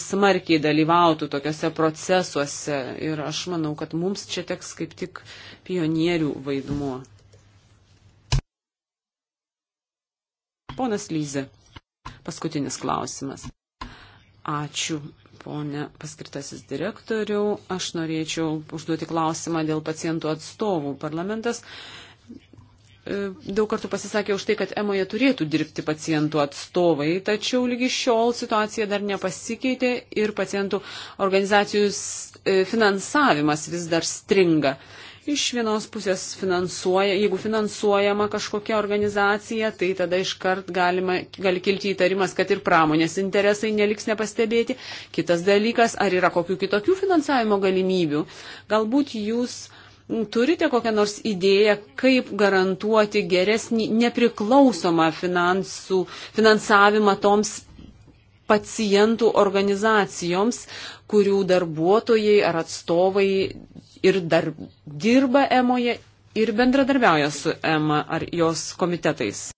smarkiai dalyvautų tokiuose procesuose ir aš manau, kad mums čia teks kaip tik pionierių vaidmuo. Ponas Lyze, paskutinis klausimas. Ačiū, ponė paskirtasis direktoriau. Aš norėčiau užduoti klausimą dėl pacientų atstovų. Parlamentas e, daug kartų pasisakė už tai, kad EMOje turėtų dirbti pacientų atstovai, tačiau lygi šiol situacija dar nepasikeitė ir pacientų organizacijų e, finansavimas vis dar stringa. Iš vienos pusės finansuoja, jeigu finansuojama kažkokia organizacija, tai tada iškart galima, gali kilti įtarimas, kad ir pramonės interesai neliks nepastebėti. Kitas dalykas, ar yra kokių kitokių finansavimo galimybių. Galbūt jūs turite kokią nors idėją, kaip garantuoti geresnį nepriklausomą finansų, finansavimą toms pacientų organizacijoms, kurių darbuotojai ar atstovai ir dar dirba EMOje ir bendradarbiauja su EMA ar jos komitetais.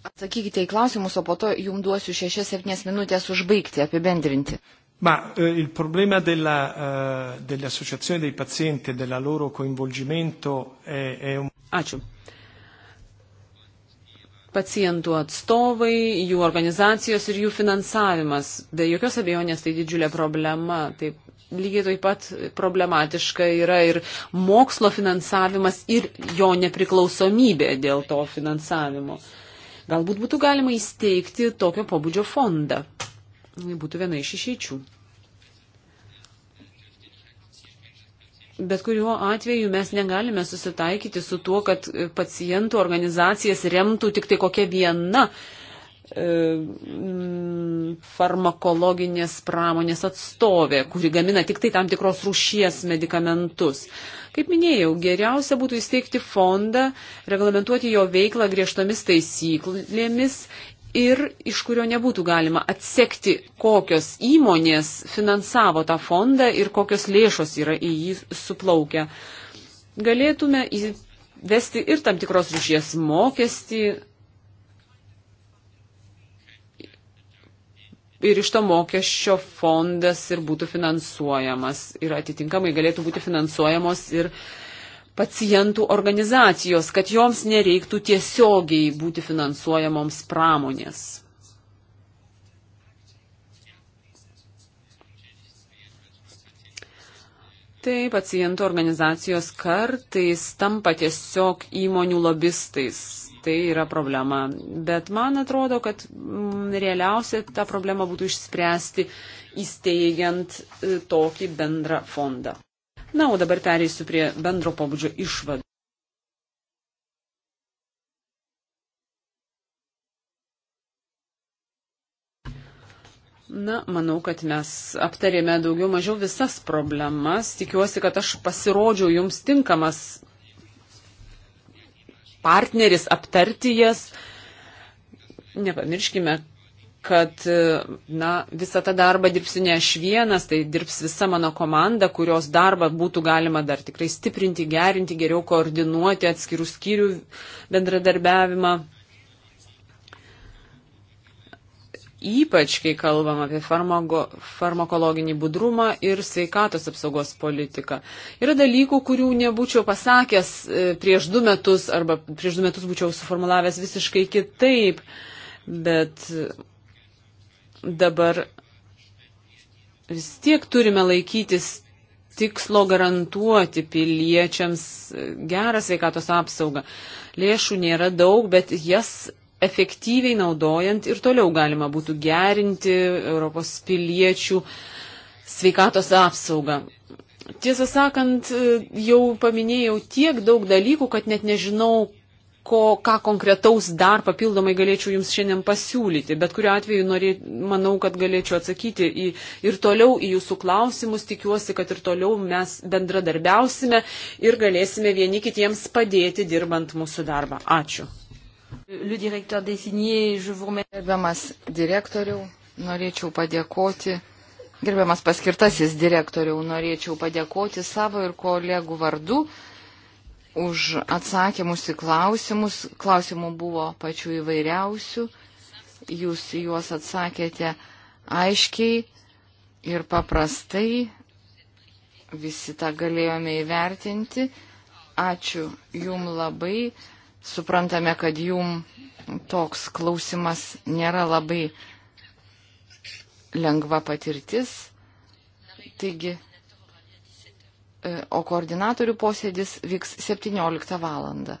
Atsakykite į klausimus, o po to jums duosiu 6-7 minutės užbaigti, apibendrinti. Ma eh, il problema della, eh, delle associazioni dei pazienti e della loro coinvolgimento è, è un. Ačiū. Pacientų atstovai, jų organizacijos ir jų finansavimas. Be jokios abejonės tai didžiulė problema. Taip, lygiai taip pat problematiška yra ir mokslo finansavimas ir jo nepriklausomybė dėl to finansavimo. Galbūt būtų galima įsteigti tokio pobūdžio fondą. Tai būtų viena iš išeičių. Bet kuriuo atveju mes negalime susitaikyti su tuo, kad pacientų organizacijas remtų tik tai kokia viena uh, E, farmakologinės pramonės atstovė, kuri gamina tik tai tam tikros rūšies medikamentus. Kaip minėjau, geriausia būtų įsteigti fondą, reglamentuoti jo veiklą griežtomis taisyklėmis ir iš kurio nebūtų galima atsekti, kokios įmonės finansavo tą fondą ir kokios lėšos yra į jį suplaukę. Galėtume įvesti ir tam tikros rūšies mokestį, ir iš to mokesčio fondas ir būtų finansuojamas. Ir atitinkamai galėtų būti finansuojamos ir pacientų organizacijos, kad joms nereiktų tiesiogiai būti finansuojamoms pramonės. Taip, pacientų organizacijos kartais tampa tiesiog įmonių lobistais. Tai yra problema. Bet man atrodo, kad mm, realiausia tą problemą būtų išspręsti įsteigiant e, tokį bendrą fondą. Na, o dabar pereisiu prie bendro pobūdžio išvadų. Na, manau, kad mes aptarėme daugiau mažiau visas problemas. Tikiuosi, kad aš pasirodžiau jums tinkamas partneris aptarti jas. Nepamirškime, kad na, visą tą darbą dirbsiu ne aš vienas, tai dirbs visa mano komanda, kurios darbą būtų galima dar tikrai stiprinti, gerinti, geriau koordinuoti atskirų skyrių bendradarbiavimą. ypač kai kalbam apie farmago, farmakologinį budrumą ir sveikatos apsaugos politiką. Yra dalykų, kurių nebūčiau pasakęs e, prieš du metus arba prieš du metus būčiau suformulavęs visiškai kitaip, bet dabar vis tiek turime laikytis tikslo garantuoti piliečiams gerą sveikatos apsaugą. Lėšų nėra daug, bet jas efektyviai naudojant ir toliau galima būtų gerinti Europos piliečių sveikatos apsaugą. Tiesą sakant, jau paminėjau tiek daug dalykų, kad net nežinau, ko, ką konkretaus dar papildomai galėčiau Jums šiandien pasiūlyti. Bet kuriu atveju norė, manau, kad galėčiau atsakyti į, ir toliau į Jūsų klausimus. Tikiuosi, kad ir toliau mes bendradarbiausime ir galėsime vieni kitiems padėti dirbant mūsų darbą. Ačiū. Gerbiamas direktoriau, norėčiau padėkoti, gerbiamas paskirtasis direktoriau, norėčiau padėkoti savo ir kolegų vardu už atsakymus į klausimus. Klausimų buvo pačių įvairiausių, jūs juos atsakėte aiškiai ir paprastai, visi tą galėjome įvertinti. Ačiū jum labai suprantame, kad jum toks klausimas nėra labai lengva patirtis. Taigi, e, o koordinatorių posėdis vyks 17 valandą.